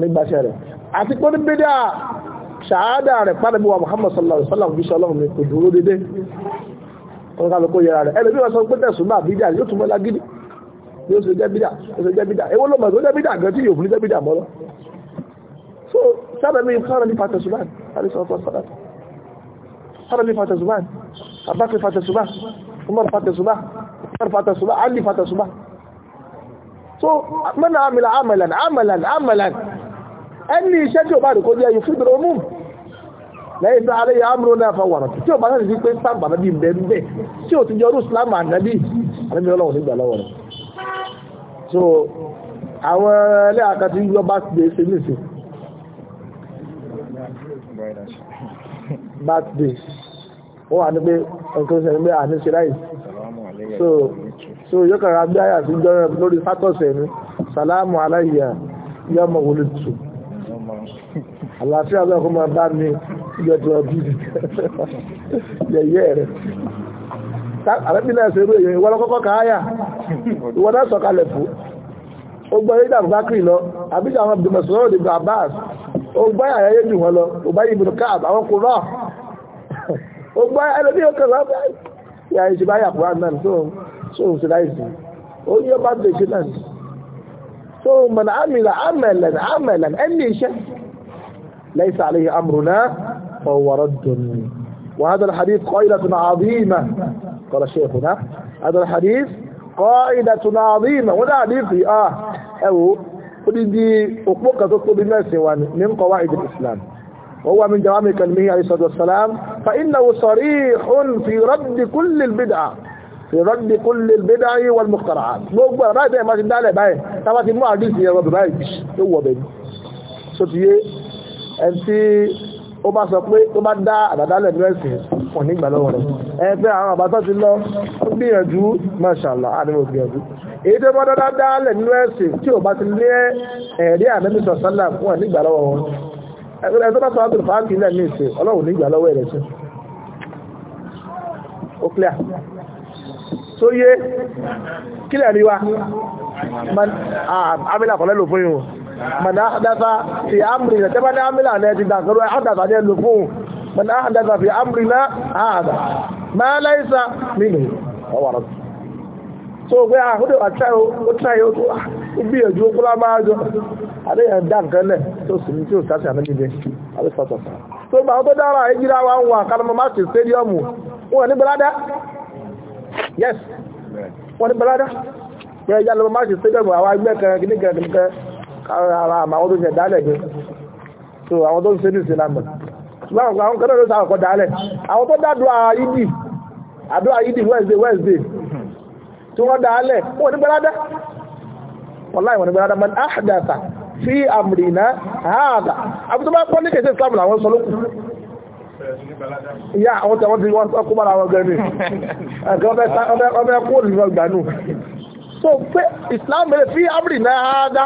Speaker 2: ṣàádà rẹ̀ pàdébí wa Muhammad sallallahu alaihi wa sallam fi ṣe ọlọ́run mi kò dúró dédé wọn kà ló kó yẹra rẹ̀ ẹlòmíì wọn sọ pé tẹ̀sùn náà bídà yóò tún mọ́ lágídí yóò ṣe jẹ́ bídà yóò ṣe jẹ́ bídà èwo ló mọ̀ tó so sábẹ́ mi fara ní fata suban àti sọ̀tọ̀ sọ̀tọ̀ fara ní fata suban abakar fata suban umar fata suban umar so mọ́nà àmìlà àmàlàn àmàlàn àmàlàn ẹni iṣẹ́ tí ò bá rí kó jẹ́ yìí fún ìdúró mú lẹ́yìn tá alẹ́ yà á múlò náà fọwọ́rọ̀ tí o bá náà ti pé sáàbà náà bí bẹ́ẹ̀ tí o ti jọ ọdún islam ànábì nígbà lọ́wọ́ rẹ̀ so àwọn ẹlẹ́ àkàtì yọ bá ti ṣe ní ìsìn birthday ó wà ní pé nǹkan so so yóò kàrà bí àyà sí jọ lórí àlàáfíà náà kó máa bá mi yọjọ bí yẹyẹ rẹ àrẹ́bí náà ṣe rú èyàn ìwọ́n kọ́kọ́ kááyà ìwọ́n náà sọ̀kalẹ̀ fún ó gbọ́ yídà bákìrì lọ àbíjà àwọn abdùmọ̀sọ̀rọ̀ òdìbò abbas ó gbọ́ àyàyé jù wọn lọ ó bá yìnbọn káàb àwọn kò rọ̀ ó gbọ́ ẹlẹ́bí ó kẹ̀lọ́ ìyá ìṣe bá yàpọ̀ àná tó ń ṣe láìsí ó ní ọba tó ṣe ليس عليه أمرنا فهو رد وهذا الحديث قائلة عظيمة قال شيخنا هذا الحديث قائلة عظيمة وده حديثي آه أو ودي أقبقى تطلب الناس يعني من قواعد الإسلام وهو من جوامع كلمه عليه الصلاة والسلام فإنه صريح في رد كل البدعة في رد كل البدع والمخترعات gbogbo ọ̀rọ̀ ما máa باي dálẹ̀ báyìí tàbá يا رب باي هو bẹ̀rẹ̀ ìṣòwò ẹni tí ó bá sọ pé tó bá dá àdádálẹ̀ ní ẹ̀sìn wọn nígbà lọ́wọ́ rẹ̀ ẹni pé àwọn àbátọ́ ti lọ ó gbìyànjú mọ́ṣàlá àdínwó gbìyànjú èyí tó bá dọ́dá dálẹ̀ nínú ẹ̀sìn tí ò bá ti lé ẹ̀rí àdẹ́mísọ̀ sálà wọn nígbà lọ́wọ́ wọn ẹni tó bá sọ àbùrù fáàkì ilẹ̀ ní ìsìn ọlọ́run nígbà lọ́wọ́ rẹ̀ sí ó clear tó yé kílẹ̀ rí wa abẹ́lẹ̀ àkọ́lẹ́ lò fún yìí mọ̀nà àdàfà fi àmìrì náà tẹ́bá ní àmìlà náà ti dàkọrọ àdàfà ní ẹlò fún mọ̀nà àdàfà fi àmìrì náà àdà máa láìsà nínú ọwọ́rọ̀ so pé àkúdé wà tráyé ó tráyé ah, ó gbìyànjú ó kúlá máa jọ àdéyàn dá nǹkan lẹ̀ tó sì ní tí ó sáṣà ní níbi àbísọ̀tọ̀sà tó gbà ó tó dára ìjírá wa ń wà kálọ́mọ́ má sì stadiumu wọn ní balada yes wọn ní balada pé ìjálọ́mọ́ má sì stadiumu àwọn agbẹ́ kan kìnnìkan kìnnìkan ara àwọn tó ṣe dálẹ̀ gbé so àwọn tó ń ṣe ní ìsinmi àmọ́ ṣùgbọ́n àwọn kẹ́lẹ́ ló sáà kọ́ dálẹ̀ àwọn tó dádùá ìdì àdúrà ìdì wednesday wednesday tí wọ́n dálẹ̀ wọ́n ní gbẹ́ládá wallahi wọ́n ní gbẹ́ládá man ahdatha fi amrina hadha àbútó bá pọ́ ní kẹsẹ̀ islam làwọn sọ lókù ìyá àwọn tẹ̀wọ́n ti wọ́n kó bára wọn gẹ̀rẹ́ ọmọ ẹkú òlùmọ̀ gbànú so pé islam mẹ́rẹ̀ fi amrina hadha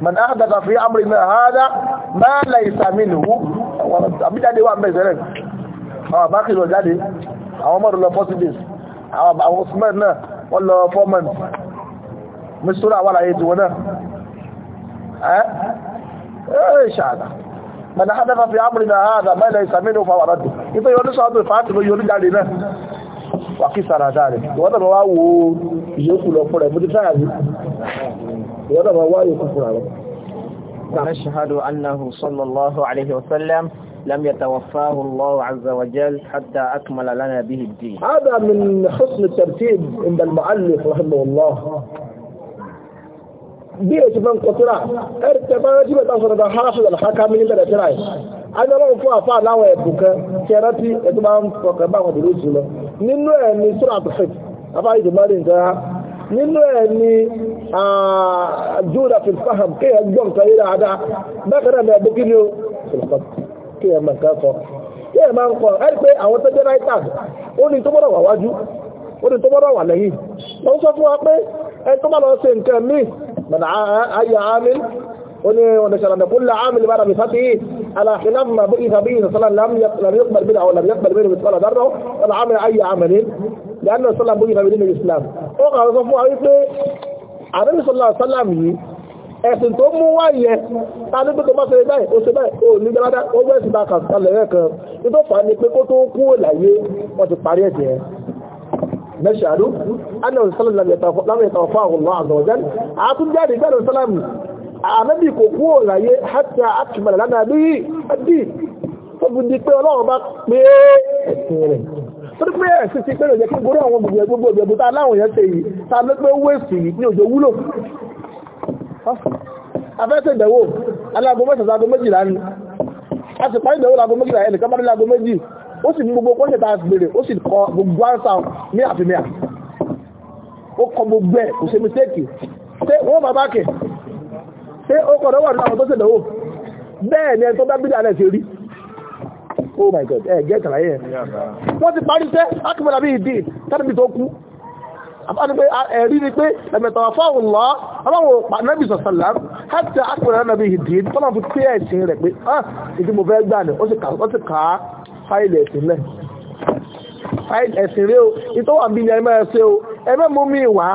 Speaker 2: man ahdatha fi amrina hadha ma laysa minhu àbí jáde wà mẹ́sẹ̀ rẹ̀ àwọn àbákì lọ jáde àwọn ọmọdé lọ 40 days àwọn Usman náà wọ́n lọ 4 months mistura wà láyé tiwọn náà ẹ́ ẹ́ ṣàdá man ahdatha fi amrina hadha ma laysa minhu fa waradu ife yoni so to fati lo yoni jáde náà wa kisara dare wọ́n tó
Speaker 1: wá wo ìyókù lọ fún rẹ̀ mo ti tààrí ìyọ́dọ̀ máa wáyé fún fúnra rẹ̀. نشهد أنه صلى الله عليه وسلم لم يتوفاه الله عز وجل حتى أكمل لنا به الدين هذا من حسن الترتيب عند المؤلف رحمه الله bí o ti fẹ́ ń kọ tíra
Speaker 2: ẹ̀rì tẹ̀bá rántí bẹ̀ta sọ̀rọ̀ dà harasu dà lọ́ka mi níbẹ̀rẹ̀ tíra yìí adọ́lọ́wọ́ fún àfa aláwọ̀ ẹ̀bùn kan tí ẹ̀rọ tí ẹ̀tọ́ bá ń fọkàn bá àwọn òdòdó nínú ẹ̀ ní tíra àtúfẹ́ afáyé ìdìmọ́lẹ̀ nínú ẹ̀ ni àjúdà fìfáhàm kí ẹ gbọ́n kan yíra àdá bákanáà ní ẹgbẹ́ kíni o kí ẹ máa ń kọ́ kí ẹ máa ń kọ́ ẹ pé àwọn tó jẹ́ writers ó ní tó gbọ́dọ̀ wà wájú ó ní tó gbọ́dọ̀ wà lẹ́yìn wọ́n sọ fún wa pé ẹ tó bá lọ nǹkan míì وني ونشر كل عامل بقى بفتحه على خلاف ما بقي فبيه صلى الله عليه وسلم لم يقبل بدعه ولم يقبل منه مثقال ذره ولا عمل اي عمل لانه صلى الله عليه وسلم بقي فبيه الاسلام وقال صلى الله عليه وسلم النبي صلى الله عليه وسلم yìí ẹ̀sìn tó mú wá yẹ ta ní pípọ̀ bá ṣe báyìí ó ṣe báyìí ó ní dáadáa ó gbé ẹ̀sìn bákan kalẹ̀ rẹ̀ kan ní tó fà á ní pé kó tó kú láyé wọ́n ti parí ẹ̀sìn ẹ̀ mẹ́ṣàdú annabi sallallahu alaihi wa sallam yẹta fún àwọn ọmọ àzọ̀wọ̀jẹ́ àtúnjáde gbẹ́rù sallam ànábì kò kú òláyé hátà àtìmọ̀lá lánàá bí ẹbí tó fi di pé ọlọ́run bá pé ẹ̀sìn rẹ̀ tó ní pé ẹ̀sìn ti pé lòjẹ́ kí gbogbo àwọn gbogbo gbogbo gbogbo tá láwọn yẹn ṣe yìí tá ló pé wéèsì yìí ní òjò wúlò afẹ́sẹ̀ ìdẹ̀wò alágo mẹ́sàn-án ago méjìlá ni a sì parí ìdẹ̀wò ago méjìlá ẹnìkan bá nílẹ̀ ago méjì ó sì mú gbogbo kọ́ṣẹ̀ tá a béèrè ó sì kọ gbogbo ansa ní àfihàn ó kọ gbogbo ẹ̀ kò ṣe mistake ṣé wọ́n bàbá pé ó wà nínú tó ṣe lọ́wọ́ bẹ́ẹ̀ ni tó bá bídà náà ṣe rí oh my god ẹ̀ gẹ́ẹ̀tì láyé wọ́n ti parí tẹ́ akíbọ̀dà bí ìdí tẹ́lẹ̀bí tó kú ẹ̀rí ni pé ẹ̀mẹ̀tọ̀ fáwọn lọ ọlọ́wọ́ sọ̀sọ̀lá hẹ́tẹ̀ akíbọ̀dà náà bí ìdí tọ́lọ̀ fún tí ẹ̀ṣin rẹ̀ pé ah ìdí mo fẹ́ gbà ní ó sì kà fáìlì ẹ̀sìn lẹ́ẹ̀ fáìlì ẹ̀sìn rẹ o ìtọ́ wà bí ni ẹ máa ṣe o ẹ máa mú mi wá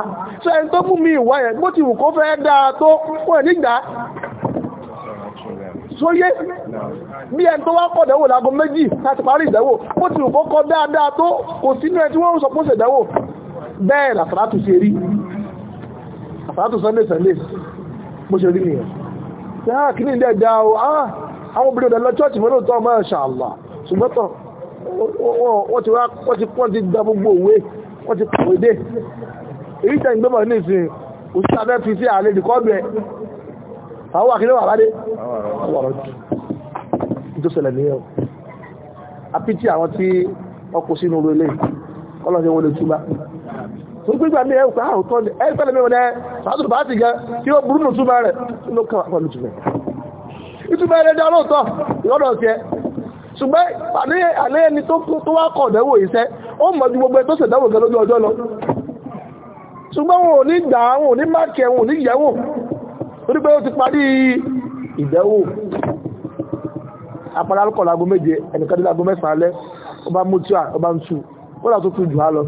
Speaker 2: ṣé ẹni tó mú mi wá yẹn bó ti wù kó fẹ́ dáa tó wọ́n ẹ̀ nígbà sóyé bí ẹni tó wá kọ̀ dẹ̀wò lágo méjì láti parí ìdẹ̀wò ó ti rùkọ́ kọ dáadáa tó kò sínú ẹ tí wọ́n sọ pọ́sẹ̀ ìdẹ̀wò bẹ́ẹ̀ làfàátù ṣe rí àfàátù sunday sunday bó ṣe rí nìyẹn yáà kí ní ìdẹ́ dáa o ah, àwọn obìnrin ọ̀dọ̀ lọ chọ́ọ̀chì mọ́ wọ́n ti wá wọ́n ti gba gbogbo òwe wọ́n ti kọ̀wé dé èyí tẹ̀ ń gbé bọ̀ ní ìsìn òṣìṣẹ́ abẹ́ fi sí ààrẹ ìdíkọ́ọ̀dù ẹ̀ àwọn àkílẹ̀ wà bádé tó ṣẹlẹ̀ ní ẹ̀ àpí tí àwọn tí wọ́n kó sínú orí ilé ọlọ́dẹ̀ wọlé túbá tó gbígbà ní ẹ̀ òkúta àwòtọ́ ní ẹ̀ pẹ́lẹ̀ mẹ́wọ̀n ẹ̀ sàátù bá ti gan tí ó burú nù túbá rẹ̀ ló kọ́ àpọ̀lù túbẹ̀ ìtúbẹ̀ rẹ̀ dá lóòtọ́ ìrọ́dọ̀ tiẹ̀ ṣùgbọ́n àlẹ́ ẹni tó wá kọ̀ dẹ́wò iṣẹ́ ó mọ̀ ju gbogbo ẹ tó ṣèdánwò gan lójú ọjọ́ lọ ṣùgbọ́n wọn ò ní gbà wọn ò ní máàkì wọn ò ní yẹ̀wò torí pé ó ti parí ìdẹ́wò apara alukọ̀ lago méje ẹnìkan dé lago mẹ́sàn-án alẹ́ ó bá mú tíwà ó bá ń tu ó là tó tu jù á lọ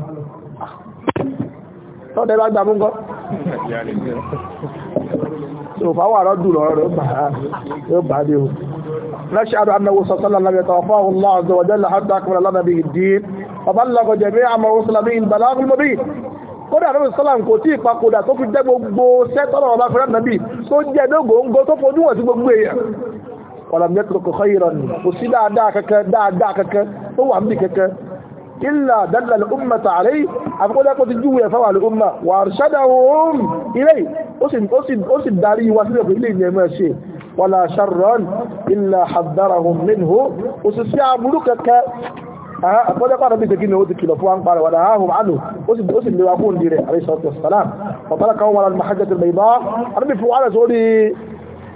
Speaker 2: tọ́tẹ́ bá gbà mú dé o. نشهد أنه صلى الله عليه وسلم الله عز وجل حتى أكمل لنا به الدين وبلغ جميع ما وصل به البلاغ المبين kódà lórí sọ́làm kò tí ìpakòdà tó fi jẹ́ gbogbo sẹ́tọ́rọ̀ ọba fẹ́rẹ́ nàbí tó jẹ́ dógóńgó tó fojú wọ̀n sí gbogbo èèyàn ọ̀làmìyẹ tó kò kọ́yìnrọ̀ nì kò sí dáadáa kankan dáadáa kankan tó wà níbi kankan ilà dandan umma tààrí àfikọ́dá kó ti júwe ẹ̀fọ́ àlè umma wà ṣádà ilé ó sì darí wa sílẹ̀ pé ilé ìyẹn mọ́ ẹ̀ ولا شرا الا حذرهم منه وسيسيا بلوكك ها آه، اقول لك انا بيجي نودي كيلو فوان بار ولا ها هم عنه اوس اوس اللي واقول دي عليه الصلاه والسلام فطلق عمر المحجه البيضاء ربي فوق على زودي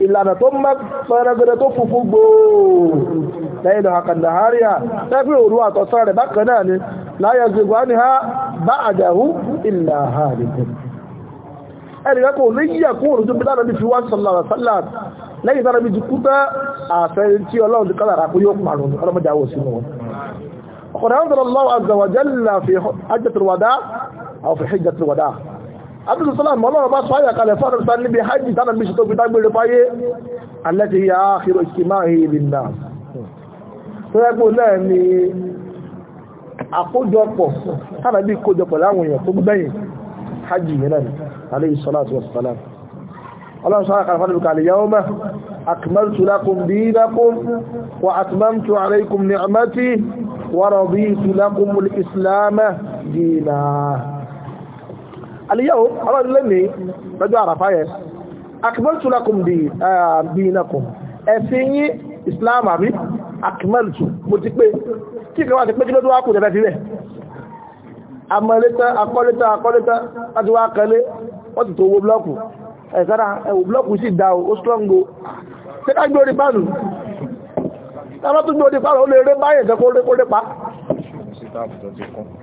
Speaker 2: الا ان تمك فانا قد توفق لا يدها كالنهاريا لا في روعة أصار بك ناني لا يزيغ عنها بعده إلا هذه lẹ́yìn tára bí jùkú tẹ́ àfẹ́ tí ọlọ́run ti kọ́lára kó yóò parun ọlọ́mọdé àwọ̀ sínú wọn ọ̀kọ̀dá ń sọ̀rọ̀ lọ́wọ́ àzọ̀wọ̀jẹ́lá fi hajjatul-wadaa aw fi hajjatul-wadaa abdul salam ọlọ́run bá sọ́yà kalẹ̀ fún àdàbísá níbi hajj tánà bí ṣètò fìdá gbére fáyé alẹ́tì yà áhìrò ìsìmáhì ìlìnà tó yẹ́gbò náà ni àkójọpọ̀ tánà bí kójọpọ̀ láwọn èèyàn ọlọ́run sọ́rọ̀ kan fọ́nà bukali yau ma akmaltu lakum dinakum wa atmamtu alaykum ni'mati wa raditu lakum al-islam dina aliyahu ọlọ́run lẹ́ni lọ́jọ́ àràfá yẹn akmaltu lakum dinakum ẹ̀sìn yí islam àbí akmaltu mo ti pé kí ìkẹwàá ti pé kí lọ́dún wá kù tẹ́fẹ́ fi rẹ̀ amọ̀lẹ́ta akọ́lẹ́ta láti wá kẹlé wọ́n ti tó owó blọ́ọ̀kù ẹ̀sára ẹ̀wù blọ́ọ̀kù sì dá o strong o ṣe ká gbé orí pánù tàbá tó gbé orí pánù ó lè ré báyẹ̀ tẹ́kọ́ orí pa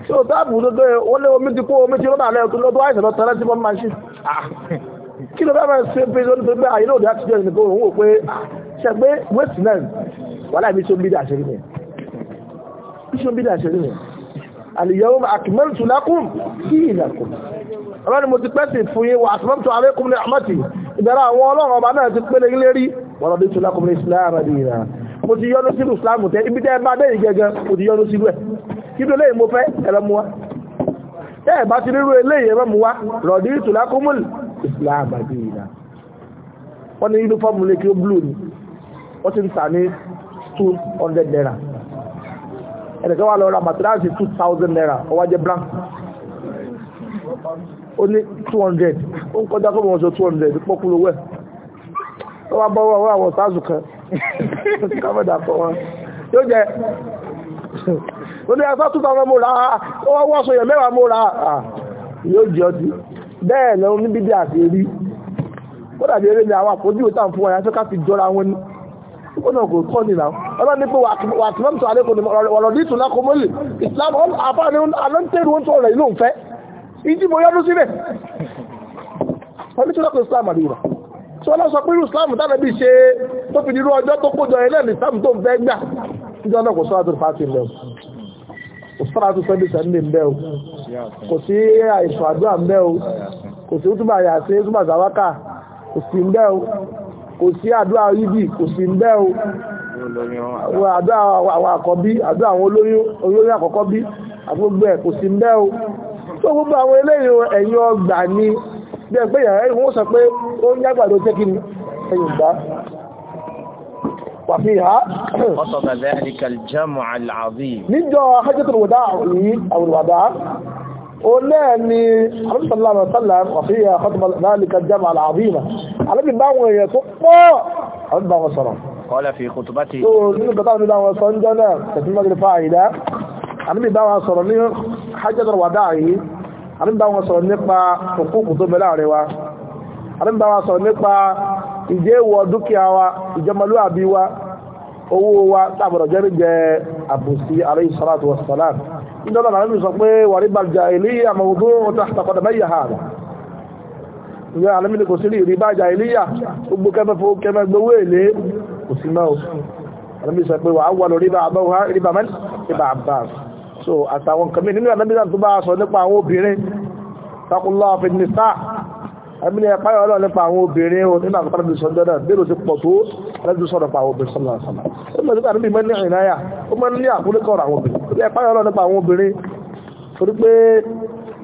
Speaker 2: tí ó táàbù tó tó yẹ wọ́n lé omi ti kó omi ti rọ́bà lẹ́yìn tó lọ́dún àìsàn lọ tẹ́lẹ̀ sí wọ́n máa ṣe kí ló bẹ́ẹ̀ ṣe pé lórí pé bẹ́ẹ̀ ayé lóòdì àtijọ́ àlìyàwó àkìmẹ́rìtù lákùn sí ìlàkùn ọ̀rọ̀ ni mo ti pẹ́sì fún yín wà àtìmọ́tò alaykum ní àmọ́tì ìdára àwọn ọlọ́run ọba náà ti pélé ilé rí wọ́n lọ́dún tó lákùn ní islam àdìyàn mo ti yọ́nú sí islam tẹ ibi tẹ́ ẹ bá dẹ́yìn gẹ́gẹ́ mo ti yọ́nú sí rẹ̀ kí ló léyìn mo fẹ́ ẹ̀rọ mu wa tẹ́ bá ti rírú eléyìí ẹ̀rọ mu wa rọ̀dún tó lákùn ní uniform wọ́n ẹnìkan wà lọ ra matirasi two naira ó jẹ́ brown ó ní two ó ń kọjá kó mọ̀ ọ́sọ two hundred ó wá bọ́ wọ́n àwọn ọ̀tázù kan yóò jẹ́ ó ní ẹ̀fọ́ two thousand ó wá wọ́sọ yẹn mẹ́wàá mo yóò jẹ́ ọtí bẹ́ẹ̀ lọ́wọ́ níbi bí àti rí kódà bí eré ni àwọn àpòjú ìtàn fún wọn yàtọ̀ ká fi jọra wọn ni ó náà kò kọ́ nìyà ọlọ́run ní pé wà tí mọ́mùtò alẹ́ kò ní ọ̀rọ̀ ní ìtura kò mọ́lì islam àbáni alọ́ntẹ́rù wọn tó ọ̀rọ̀ ìlú òǹfẹ́ ìdí mo yọdún síbẹ̀ wọ́n ní tí lọ́kọ̀ islam àdúrà tí wọ́n lọ sọ pé irú islam dáná bí ṣe tó fi dirú ọjọ́ tó kójọ ilẹ̀ ní islam tó ń fẹ́ gbà níjọ́ náà kò sọ àdúrà fàtì ń bẹ́ẹ̀ kò sọ àdúrà sẹ́bí sẹ́ndì ń bẹ́ẹ̀ kò sí àìsàn àdúrà ń bẹ́ẹ̀ kò sí útùbà yàtí útùbà zàwákà kò sí ń bẹ́ẹ̀ kò sí àdúrà yídì kò sí ń bẹ́ o àdúrà àwọn àkọ́bí àdúrà àwọn olóyún àkọ́kọ́ bí àgbógbó kò sí ń bẹ́ o tó gbogbo àwọn eléyìí ẹ̀yìn ọgbà ni bí ẹgbẹ́ ìyàrá ẹ̀yìn wọ́n sọ pé ó ń yàgbàdo tẹ́kì ni ẹ̀yìn gbá wàfi ha níjọ hajjatul wada yìí àwòrán onáàni alùsàlámà sálàm ọ̀fíyà ọ̀tọ̀bà láàrínkà jama al'azima alábi báwọn èèyàn tó pọ̀ alábi báwọn sọ̀rọ̀
Speaker 1: kọ́lá fi kùtùbá ti tó nínú
Speaker 2: gbọ́ta ní báwọn sọ ń jọ́nà tẹ̀sí mọ́gbẹ̀rẹ̀ fáàìdá alábi báwọn sọ̀rọ̀ ní hajjatar wà dáàrí alábi báwọn sọ̀rọ̀ nípa òkúkù tó bẹ láàrin wa alábi báwọn sọ̀rọ̀ nípa ìjẹ́wọ̀ dúkìá wa owó wa tábọ̀dọ̀ jẹ́ jẹ́ àbùsí alayhi salatu wassalam nítorí àwọn àlẹ́mì sọ pé wà rí bàjá ilé àmọ̀wòdó ọ̀tá àtàkọ̀dà mẹ́yà ha rà ìyá àlẹ́mì kò sí rí bàjá ilé yà gbogbo kẹfẹ́fẹ́ kẹfẹ́gbówó èlé kò sí mẹ́ àlẹ́mì sọ pé wà á so àtàwọn kàmí nínú àlẹ́mì náà tó bá sọ nípa àwọn obìnrin takullaha ẹ̀mí ni ẹ̀pá ọlọ́run nípa àwọn obìnrin o nígbà tó tàbí sọ́jọ́ náà bí lóṣù pọ̀ tó lẹ́jù sọ̀rọ̀ pa àwọn obìnrin sọ́nà sọ́nà ó mọ̀ nípa níbi mẹ́ni ìnáyà ó mọ̀ ní àkúrẹ́ kọ̀ọ̀rọ̀ àwọn obìnrin ẹ̀pá ọlọ́run nípa àwọn obìnrin torí pé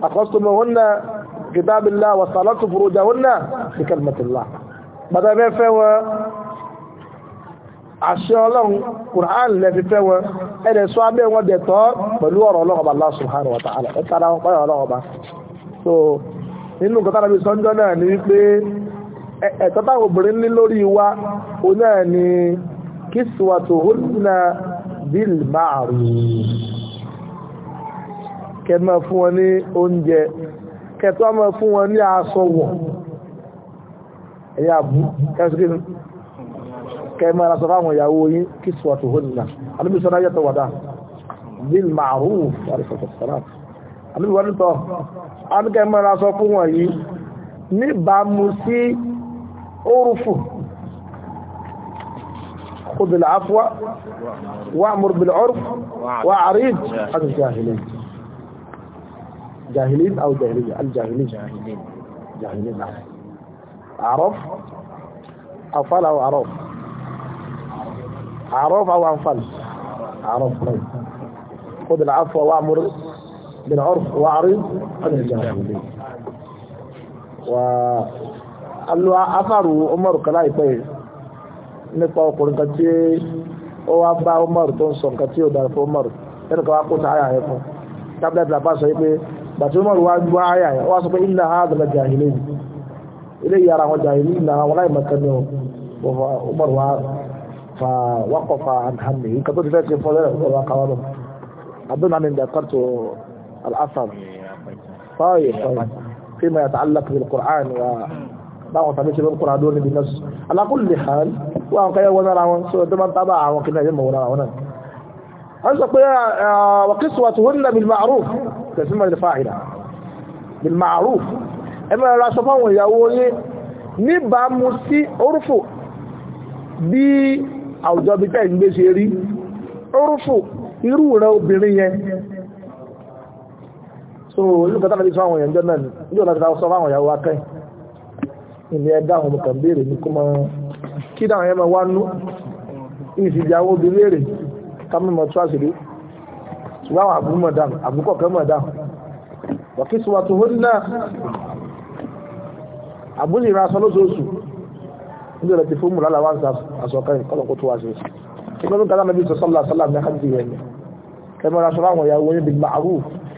Speaker 2: àkọ́sùtùmọ̀ wọn náà kìtàbílá wà sàlátù fúrújà wọn náà ní kẹlmẹtìlá bàtà fẹ́ fẹ́ wọn Allah subhanahu wa ta'ala ẹ̀ta ara wọn pẹ̀lú so nínú nǹkan tára bí sọ́njọ́ náà ni wípé ẹ̀tọ́ táwọn obìnrin ní lórí wa o náà ni kíṣùwàtò húnnà bíl máàrù kẹmọ fún wọn ní oúnjẹ kẹtọ́ mọ fún wọn ní aṣọ wọ̀ ẹ̀yà bú kẹsìkínú kẹmọ aṣọ fáwọn ìyàwó yín kíṣùwàtò húnnà alúbísọ́nà yẹ́tọ̀ wàdá bíl máàrù wàrí sọ̀tọ̀ sọ̀rọ̀ abúkẹ́ mọ́ra sọ fún wọn yìí níbàámu sí orúfù خذ العفو وأمر بالعرف وأعرض عن الجاهلين جاهلين أو جاهلية الجاهلين جاهلين جاهلين عرف أفل أو عرف عرف أو أنفل عرف خذ العفو وأمر بالعرف وأعرض عن
Speaker 3: الجاهلين
Speaker 2: وقال له أثر عمر كلاي طيب nípa ọkùnrin kan tí ó wá bá Umar tó ń sọ nǹkan tí ó dára fún Umar ẹnì kan wá kó sáyà yẹn fún tablet laba sọ pé bàtí Umar wá gbọ́ àyà yẹn wá sọ pé ilẹ̀ ha dàgbà jàhìlẹ̀ yìí ilé yìí ara wọn jàhìlẹ̀ yìí lára wọn láì mọ̀kẹ́ ní o Umar wá fa wákọ̀ fa àhàmì nǹkan tó ti fẹ́ ṣe fọ́lẹ́ ọ̀rọ̀ akáwá lọ abdulhamid dakarto الأثر طيب طيب فيما يتعلق بالقرآن و báwọn tàbí ṣe lọ́pọ̀ àdó níbi náà ala kulli hal wọ́n àwọn kẹyẹ wọ́n nára wọn sọ tó bá ń tábà àwọn kìnnà yẹn mọ̀wọ́ra wọn náà wọ́n sọ pé wa kiswatuhunna bil ma'ruf tẹ̀sí mọ̀ fa'ila bil ma'ruf ẹ mẹ́rin ra sọ fáwọn ìyàwó yé níbàámu sí orúfò bí àwùjọ bí tẹ́ ń gbé ṣe rí orúfò irú rẹ obìnrin yẹn so olùkọ́ tánà bí sọ àwọn èèyàn jọ náà ní ọ̀la tánà sọ fáwọn ìyàwó akẹ́ ìní ẹ̀dá àwọn ọmọkàn béèrè ní kúmọ̀ kí dáwọn ẹ̀mọ̀ wá nú ìfìyàwó bí léèrè kámímọ̀ tó àṣírí ṣùgbọ́n àwọn àbúrò mọ̀dá àbúkọ̀ kẹ́ mọ̀dá wàkí sọ wàtò hó náà àbúrò ìra aṣọ lóṣooṣù ní ọ̀la ti fún mùlálà wá ń sa àṣọkẹ́ ìkọlọ̀kọ́ tó wá ṣe ṣùgbọ́n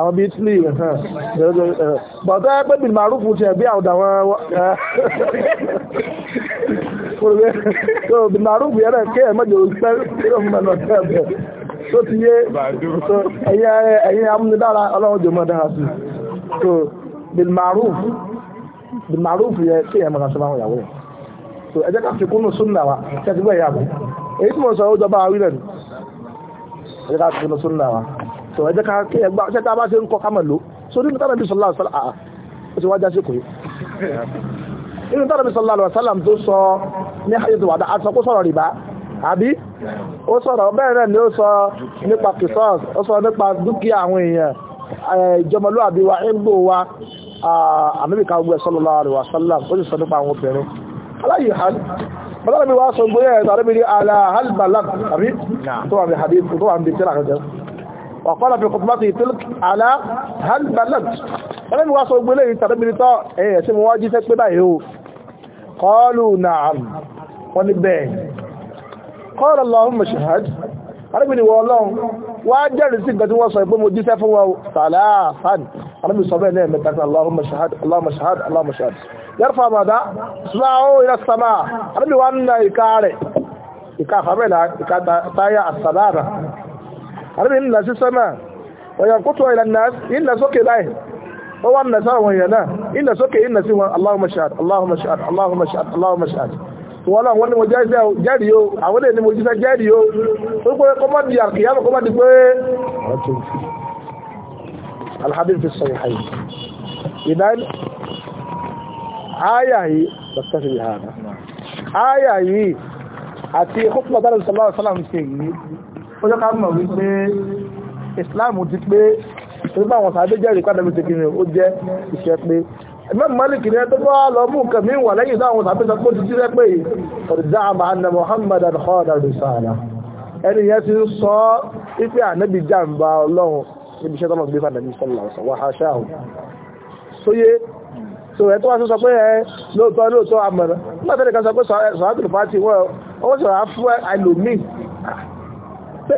Speaker 2: àwọn bíi Italy bọ̀tọ́ ẹ pé bìnnìmọ̀ àrùkù tiẹ̀ bí àwọn àwọn so bìnnìmọ̀ àrùkù yẹn náà kéèyàn mọ́jọ pẹ́ kéèyàn mọ́ náà tẹ́ bẹ̀ tó ti yé ẹ̀yìn amúnidára so bìnnìmọ̀ àrùkù bìnnìmọ̀ àrùkù yẹn kéèyàn mọ́ náà sọ so ẹ jẹ́ ká fi kúnnù súnnà wa tẹ́tí bẹ́ẹ̀ yà bọ̀ èyí tí mo sọ ó jọba àwílẹ̀ ni ká fi kúnnù súnnà wa so ẹjẹ́ ká kí ẹgbà ṣe tá bá ṣe ń kọ ká mọ̀ lò so nínú tánàbí sọlá àṣálà àà ó ti wá já sí kò yí nínú tánàbí sọlá àṣálà tó sọ ní ayé tó wà dá aṣọ kó sọ̀rọ̀ rìbá àbí ó sọ̀rọ̀ bẹ́ẹ̀ náà ni ó sọ nípa kìsọ́s ó sọ nípa dúkìá àwọn èèyàn ìjọmọlúwàbí wa ẹgbò wa àmìríkà ogun ẹ̀sọ́lọ́lá àríwá sálàm ó sì sọ nípa àwọn obìnrin aláyìí hàn bọ́lá mi wá sọ gbóyẹ̀ ẹ̀sọ́ àríbìnrin aláhàlbàlá àbí tó wà ní hadith tó wà ní tẹ́lá kan وقال في خطبته تلك على هل بلغت فلن واسوا بليه تربي لطاء ايه اسم واجي تكبه قالوا نعم ونبين قال اللهم شهد arábìnrin wọ ọlọ́run wá jẹ́rìí sí nǹkan tí wọ́n sọ ìpé mo jíṣẹ́ fún wọn tààlàáfàn arábìnrin sọ bẹ́ẹ̀ lẹ́ẹ̀mẹ́ta sí Allahumma shahad Allahumma shahad Allahumma shahad yẹ́rfà màdá sùláwó ila sàmà arábìnrin wá ń na ìka rẹ̀ ìka àfàbẹ́lá ìka táyà àsàlára àdébí ńlá sí sánà ọ̀yàn kótó ìlànà ìlà sókè báyìí ó wà nà sáwọn èèyàn náà ìlà sókè ìlà sí wọn Allahumma shahid Allahumma shahid Allahumma shahid Allahumma shahid wọ́n náà wọ́n yìí lọ́sọ̀rọ̀ yìí hàn áyà yìí àti ìkókò bàbá ọjọ́ ká mọ̀ wípé Islam ti pé torí báwọn sàádé jẹ́rìí padà ló ti kiri ó jẹ́ iṣẹ́ pé Imam Malik ni ẹni tó bá lọ mú nǹkan mi wà lẹ́yìn táwọn sàádé sọ pé ó ti jíṣẹ́ pé ọ̀dà àmà anna Muhammadan khada risala ẹni yẹn ti so ẹ̀ tó wá sọ pé ẹ lóòótọ́ lóòótọ́ àmọ̀ràn nígbà tẹ́lẹ̀ kan sọ pé sọ́hátùlù pàtì wọ́n ọwọ́ sọ̀rọ̀ á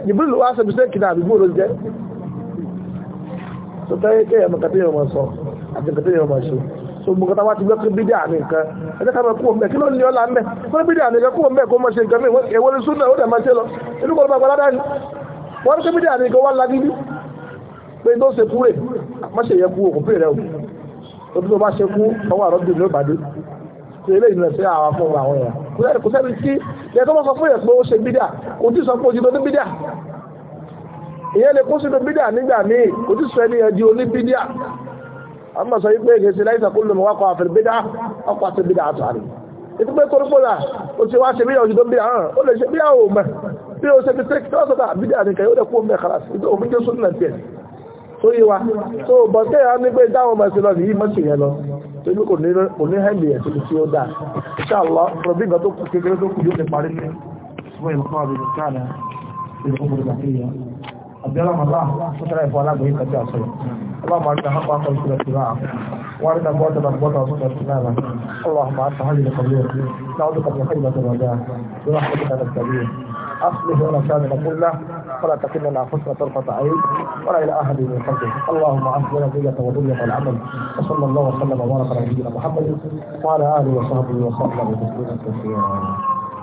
Speaker 2: jibril wá sọ bíṣẹ́ kìnnà àbí gbóòrò jẹ́ so tẹ́yẹ kẹ́ ẹ̀mọ̀ kàtẹ́ yọmọ sọ àti kàtẹ́ yọmọ ṣe so mo kọta wá ti gbẹ́kẹ́ bídí àmì nǹkan ẹjẹ́ ká mọ̀ kúrò mẹ́ kí ló ní ọlá mẹ́ wọ́n bídí àmì nǹkan kúrò mẹ́ kó mọ́ ṣe nǹkan mẹ́ èwo ni súnà ó dẹ̀ máa ṣe lọ inú kọ́ ló máa gbọ́dá ní wọ́n ní bídí àmì nǹkan wá lagídí pé tó ṣe kúrè má ṣe yẹ kú òkú pè rẹ o tó bá ṣe kú ọwọ́ àrọ́bìnrin pé eléyìí lọ sí àwọn afọ àwọn èèyàn kò sẹ́ni tí ìyẹn tó bá sọ fún yẹn pé ó ṣe bídà kò tí sọ pé ojú tó ní bídà ìyẹn lè kó sínú bídà nígbà míì kò tí sọ ẹni yẹn di oní bídà àmọ́ sọ yí pé èyí ṣe láìsà kó lòmọ̀ wákọ̀ àfẹ́ bídà ọkọ̀ àti bídà àtàrí ètò pé torí pọ́lá o ti wá ṣe bídà ojú tó bídà hàn ó lè ṣe bídà ò mẹ́ bí o ṣe fi tẹ́kì tó sọ́tà ah, bídà nìkan yóò dẹ̀kú omi ẹ̀kàrà sí òfin jésù nà tiẹ̀ tó yé wa tó bọ̀ tẹ́yà ní pé dáwọn ọmọ ẹ̀sìn lọ nìyí mọ́sìn yẹn lọ pẹ̀lú oníhẹ̀lẹ̀ ẹ̀tọ́ tí ó dá ṣáàlá rọ̀bí ìgbà tó kékeré tó kù yóò ti parí ní ṣùgbọ́n ìlúkọ́ àbìnrin káàdà ìlúkọ́ أبدالله الله سترى إفوالا به كتير أصلا اللهم أرد حق أقل كل اتباع وأرد أبوات الأبوات وصول اتباعنا اللهم أرد حالي لقبلك نعوذك من خيبة الرجاء برحمتك نستجيب أصلح لنا شأننا كله ولا تكلنا أنفسنا طرفة عين ولا إلى أحد من خلقه اللهم أحسن نية وذرية العمل وصلى الله وسلم وبارك على نبينا محمد وعلى آله وصحبه وسلم تسليما كثيرا